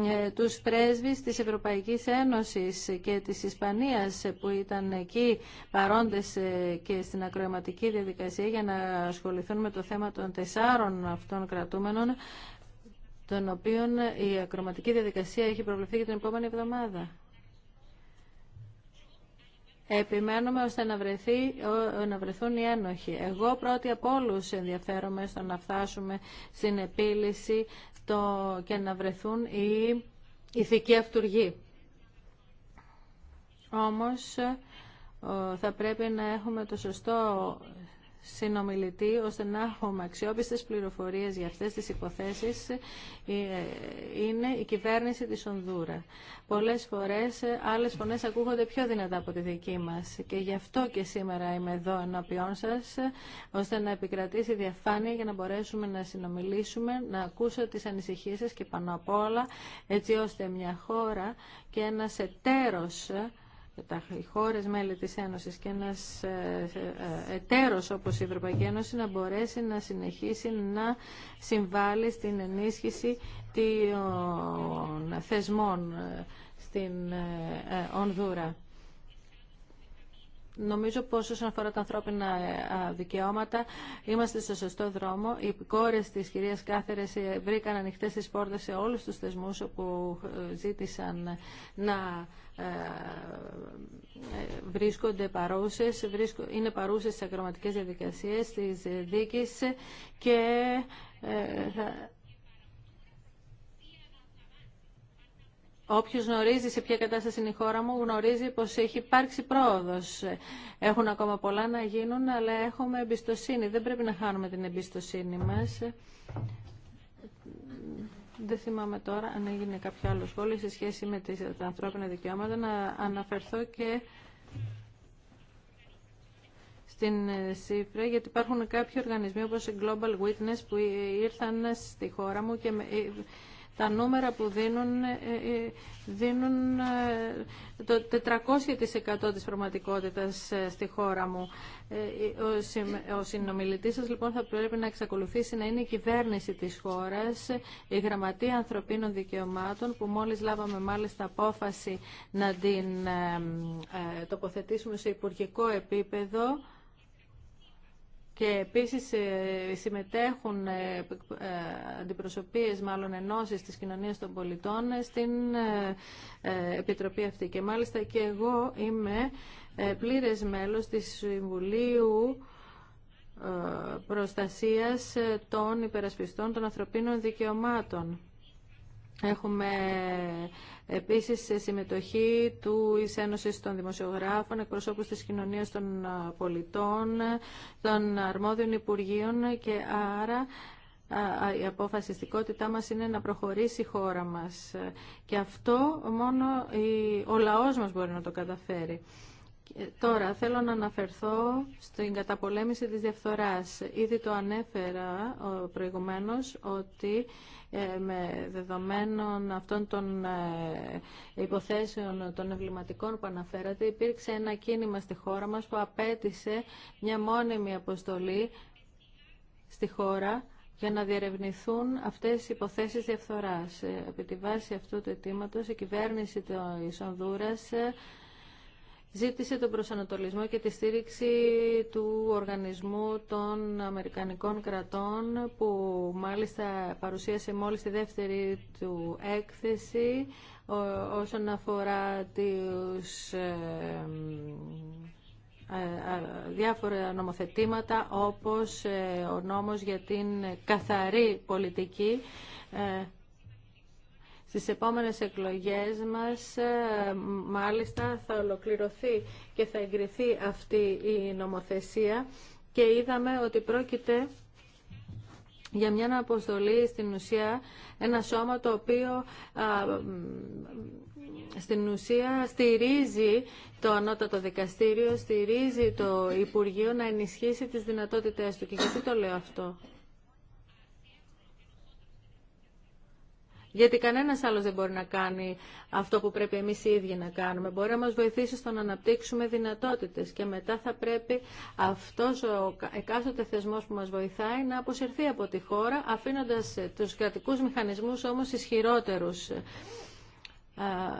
ε, τους πρέσβεις της Ευρωπαϊκής Ένωσης και της Ισπανίας που ήταν εκεί παρόντες ε, και στην ακροαματική διαδικασία για να ασχοληθούν με το θέμα των τεσσάρων αυτών κρατούμενων των οποίων η ακροματική διαδικασία έχει προβληθεί για την επόμενη εβδομάδα. Επιμένουμε ώστε να, βρεθεί, να βρεθούν οι ένοχοι. Εγώ πρώτη από όλου ενδιαφέρομαι στο να φτάσουμε στην επίλυση το, και να βρεθούν οι ηθικοί αυτούργοι. Όμως θα πρέπει να έχουμε το σωστό συνομιλητή ώστε να έχουμε αξιόπιστες πληροφορίες για αυτές τις υποθέσεις ε, είναι η κυβέρνηση της Ονδούρα. Πολλές φορές ε, άλλες φωνές ακούγονται πιο δυνατά από τη δική μας και γι' αυτό και σήμερα είμαι εδώ ενώπιόν σας ώστε να επικρατήσει διαφάνεια για να μπορέσουμε να συνομιλήσουμε, να ακούσω τις ανησυχίες σας και πάνω απ' όλα έτσι ώστε μια χώρα και ένας εταίρος τα χώρες μέλη της Ένωσης και ένας ε, ε, εταίρος όπως η Ευρωπαϊκή Ένωση να μπορέσει να συνεχίσει να συμβάλλει στην ενίσχυση των θεσμών ε, στην Ονδούρα. Νομίζω πως όσον αφορά τα ανθρώπινα ε, δικαιώματα είμαστε στο σωστό δρόμο. Οι κόρες της κυρίας Κάθερες ε, βρήκαν ανοιχτέ τις πόρτες σε όλους τους θεσμούς όπου ε, ζήτησαν να βρίσκονται παρούσες, είναι παρούσες σε ακροματικές διαδικασίες της δίκης και Όποιο γνωρίζει σε ποια κατάσταση είναι η χώρα μου γνωρίζει πω έχει υπάρξει πρόοδο. Έχουν ακόμα πολλά να γίνουν, αλλά έχουμε εμπιστοσύνη. Δεν πρέπει να χάνουμε την εμπιστοσύνη μα. Δεν θυμάμαι τώρα αν έγινε κάποιο άλλο σχόλιο σε σχέση με τα ανθρώπινα δικαιώματα. Να αναφερθώ και στην ΣΥΦΡΕ, γιατί υπάρχουν κάποιοι οργανισμοί όπως η Global Witness που ήρθαν στη χώρα μου και ε, τα νούμερα που δίνουν ε, ε, δίνουν ε, το 400% της πραγματικότητας στη χώρα μου. Ο συνομιλητής σας λοιπόν θα πρέπει να εξακολουθήσει να είναι η κυβέρνηση της χώρας, η Γραμματεία Ανθρωπίνων Δικαιωμάτων που μόλις λάβαμε μάλιστα απόφαση να την τοποθετήσουμε σε υπουργικό επίπεδο και επίσης ε, συμμετέχουν ε, ε, αντιπροσωπείες μάλλον ενώσεις της κοινωνίας των πολιτών στην Επιτροπή αυτή. Και μάλιστα και εγώ είμαι πλήρες μέλος της Συμβουλίου Προστασίας των Υπερασπιστών των Ανθρωπίνων Δικαιωμάτων. Έχουμε ε, επίσης συμμετοχή του εις των Δημοσιογράφων, εκπροσώπους της κοινωνίας των ε, πολιτών, των αρμόδιων υπουργείων και άρα η αποφασιστικότητά μας είναι να προχωρήσει η χώρα μας. Και αυτό μόνο ο λαός μας μπορεί να το καταφέρει. Ε, τώρα θέλω να αναφερθώ στην καταπολέμηση της διαφθοράς. Ήδη το ανέφερα προηγουμένως ότι ε, με δεδομένων αυτών των ε, υποθέσεων των εμβληματικών που αναφέρατε, υπήρξε ένα κίνημα στη χώρα μας που απέτησε μια μόνιμη αποστολή στη χώρα για να διερευνηθούν αυτές οι υποθέσεις διαφθοράς. Ε, επί τη βάση αυτού του αιτήματο, η κυβέρνηση της Ονδούρας ζήτησε τον προσανατολισμό και τη στήριξη του Οργανισμού των Αμερικανικών Κρατών που μάλιστα παρουσίασε μόλις τη δεύτερη του έκθεση όσον αφορά τις ε, ε, ε, διάφορα νομοθετήματα όπως ο νόμος για την καθαρή πολιτική στις επόμενες εκλογές μας ε, μάλιστα θα ολοκληρωθεί και θα εγκριθεί αυτή η νομοθεσία και είδαμε ότι πρόκειται για μια αποστολή στην ουσία ένα σώμα το οποίο στην ουσία στηρίζει το ανώτατο δικαστήριο, στηρίζει το Υπουργείο να ενισχύσει τις δυνατότητές του. Και γιατί το λέω αυτό. γιατί κανένας άλλος δεν μπορεί να κάνει αυτό που πρέπει εμείς οι ίδιοι να κάνουμε. Μπορεί να μα βοηθήσει στο να αναπτύξουμε δυνατότητες και μετά θα πρέπει αυτός ο εκάστοτε θεσμός που μας βοηθάει να αποσυρθεί από τη χώρα, αφήνοντας ε, τους κρατικού μηχανισμούς όμως ισχυρότερους.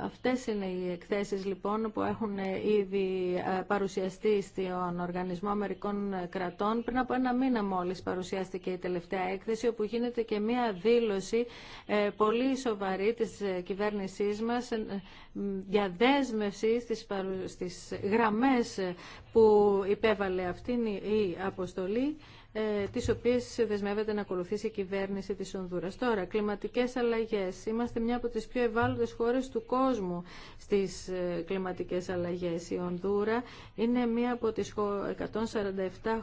Αυτές είναι οι εκθέσεις λοιπόν που έχουν ε, ήδη ε, παρουσιαστεί στον Οργανισμό Αμερικών Κρατών. Πριν από ένα μήνα μόλις παρουσιάστηκε η τελευταία έκθεση όπου γίνεται και μία δήλωση ε, πολύ σοβαρή της κυβέρνησής μας για δέσμευση στις γραμμές που υπέβαλε αυτήν η αποστολή ε, τις οποίες δεσμεύεται να ακολουθήσει η κυβέρνηση της Ονδούρας. Τώρα, κλιματικές αλλαγές. Είμαστε μια από τις πιο ευάλωτες χώρες του κόσμου στις ε, κλιματικές αλλαγές. Η Ονδούρα είναι μια από τις 147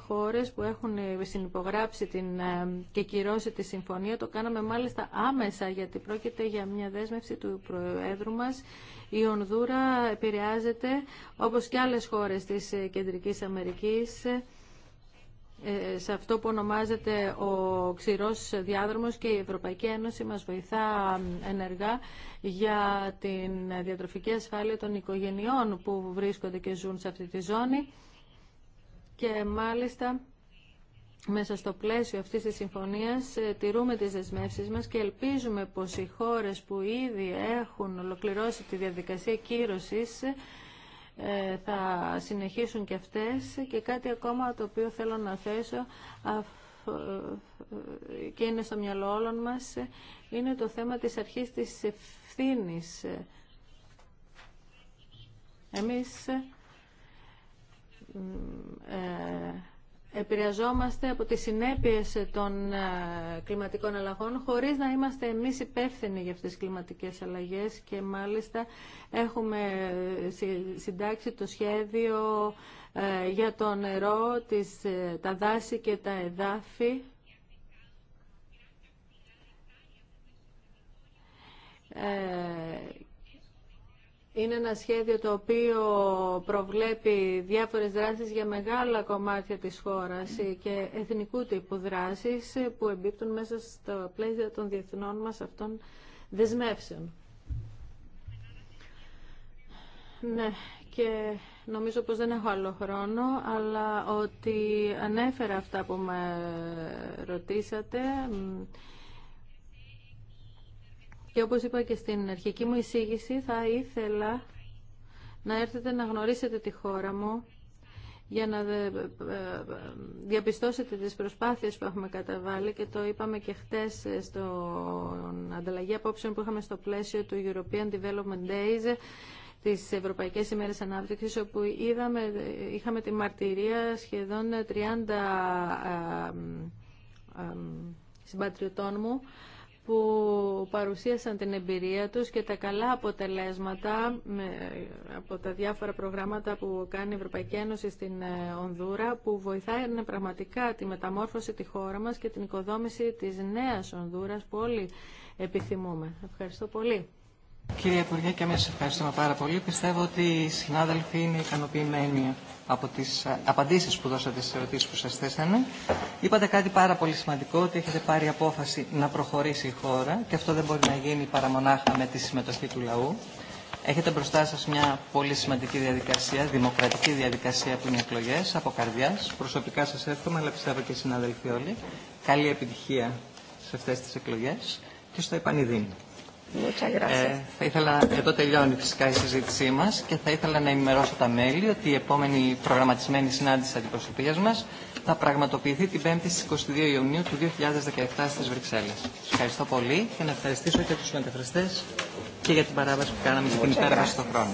χώρες που έχουν ε, συνυπογράψει την, ε, και κυρώσει τη συμφωνία. Το κάναμε μάλιστα άμεσα γιατί πρόκειται για μια δέσμευση του Προέδρου μας η Ονδούρα επηρεάζεται όπως και άλλες χώρες της Κεντρικής Αμερικής ε, σε αυτό που ονομάζεται ο ξηρός διάδρομος και η Ευρωπαϊκή Ένωση μας βοηθά ενεργά για την διατροφική ασφάλεια των οικογενειών που βρίσκονται και ζουν σε αυτή τη ζώνη και μάλιστα μέσα στο πλαίσιο αυτής της συμφωνίας ε, τηρούμε τις δεσμεύσεις μας και ελπίζουμε πως οι χώρες που ήδη έχουν ολοκληρώσει τη διαδικασία κύρωσης ε, ε, θα συνεχίσουν και αυτές και κάτι ακόμα το οποίο θέλω να θέσω και είναι στο μυαλό όλων μας είναι το θέμα της αρχής της ευθύνη. Εμείς ε, επηρεαζόμαστε από τις συνέπειες των ε, κλιματικών αλλαγών χωρίς να είμαστε εμείς υπεύθυνοι για αυτές τις κλιματικές αλλαγές και μάλιστα έχουμε ε, συντάξει το σχέδιο ε, για το νερό, τα δάση και τα εδάφη είναι ένα σχέδιο το οποίο προβλέπει διάφορες δράσεις για μεγάλα κομμάτια της χώρας και εθνικού τύπου δράσεις που εμπίπτουν μέσα στο πλαίσιο των διεθνών μας αυτών δεσμεύσεων. Ναι, και νομίζω πως δεν έχω άλλο χρόνο, αλλά ότι ανέφερα αυτά που με ρωτήσατε. Και όπως είπα και στην αρχική μου εισήγηση, θα ήθελα να έρθετε να γνωρίσετε τη χώρα μου για να διαπιστώσετε τις προσπάθειες που έχουμε καταβάλει και το είπαμε και χτες στον ανταλλαγή απόψεων που είχαμε στο πλαίσιο του European Development Days τις Ευρωπαϊκές ημέρες Ανάπτυξης όπου είδαμε, είχαμε τη μαρτυρία σχεδόν 30 συμπατριωτών μου που παρουσίασαν την εμπειρία τους και τα καλά αποτελέσματα από τα διάφορα προγράμματα που κάνει η Ευρωπαϊκή Ένωση στην ε, Ονδούρα που βοηθάει πραγματικά τη μεταμόρφωση τη χώρα μας και την οικοδόμηση της νέας Ονδούρας που όλοι επιθυμούμε. Ευχαριστώ πολύ. Κύριε Υπουργέ, και εμείς ευχαριστούμε πάρα πολύ. Πιστεύω ότι οι συνάδελφοι είναι ικανοποιημένοι από τις ε, απαντήσεις που δώσατε στις ερωτήσεις που σας θέσανε. Είπατε κάτι πάρα πολύ σημαντικό, ότι έχετε πάρει απόφαση να προχωρήσει η χώρα και αυτό δεν μπορεί να γίνει παρά μονάχα με τη συμμετοχή του λαού. Έχετε μπροστά σας μια πολύ σημαντική διαδικασία, δημοκρατική διαδικασία που είναι εκλογέ από καρδιάς. Προσωπικά σας εύχομαι, αλλά πιστεύω και οι συναδελφοί όλοι. Καλή επιτυχία σε αυτές τις εκλογές και στο επανειδήν. Ε, θα ήθελα, εδώ τελειώνει φυσικά η συζήτησή μα και θα ήθελα να ενημερώσω τα μέλη ότι η επόμενη προγραμματισμένη συνάντηση αντιπροσωπεία μα θα πραγματοποιηθεί την 5η στι 22 Ιουνίου του 2017 στι Βρυξέλλε. Ευχαριστώ πολύ και να ευχαριστήσω και του μεταφραστέ και για την παράβαση που κάναμε και την υπέρβαση στον χρόνο.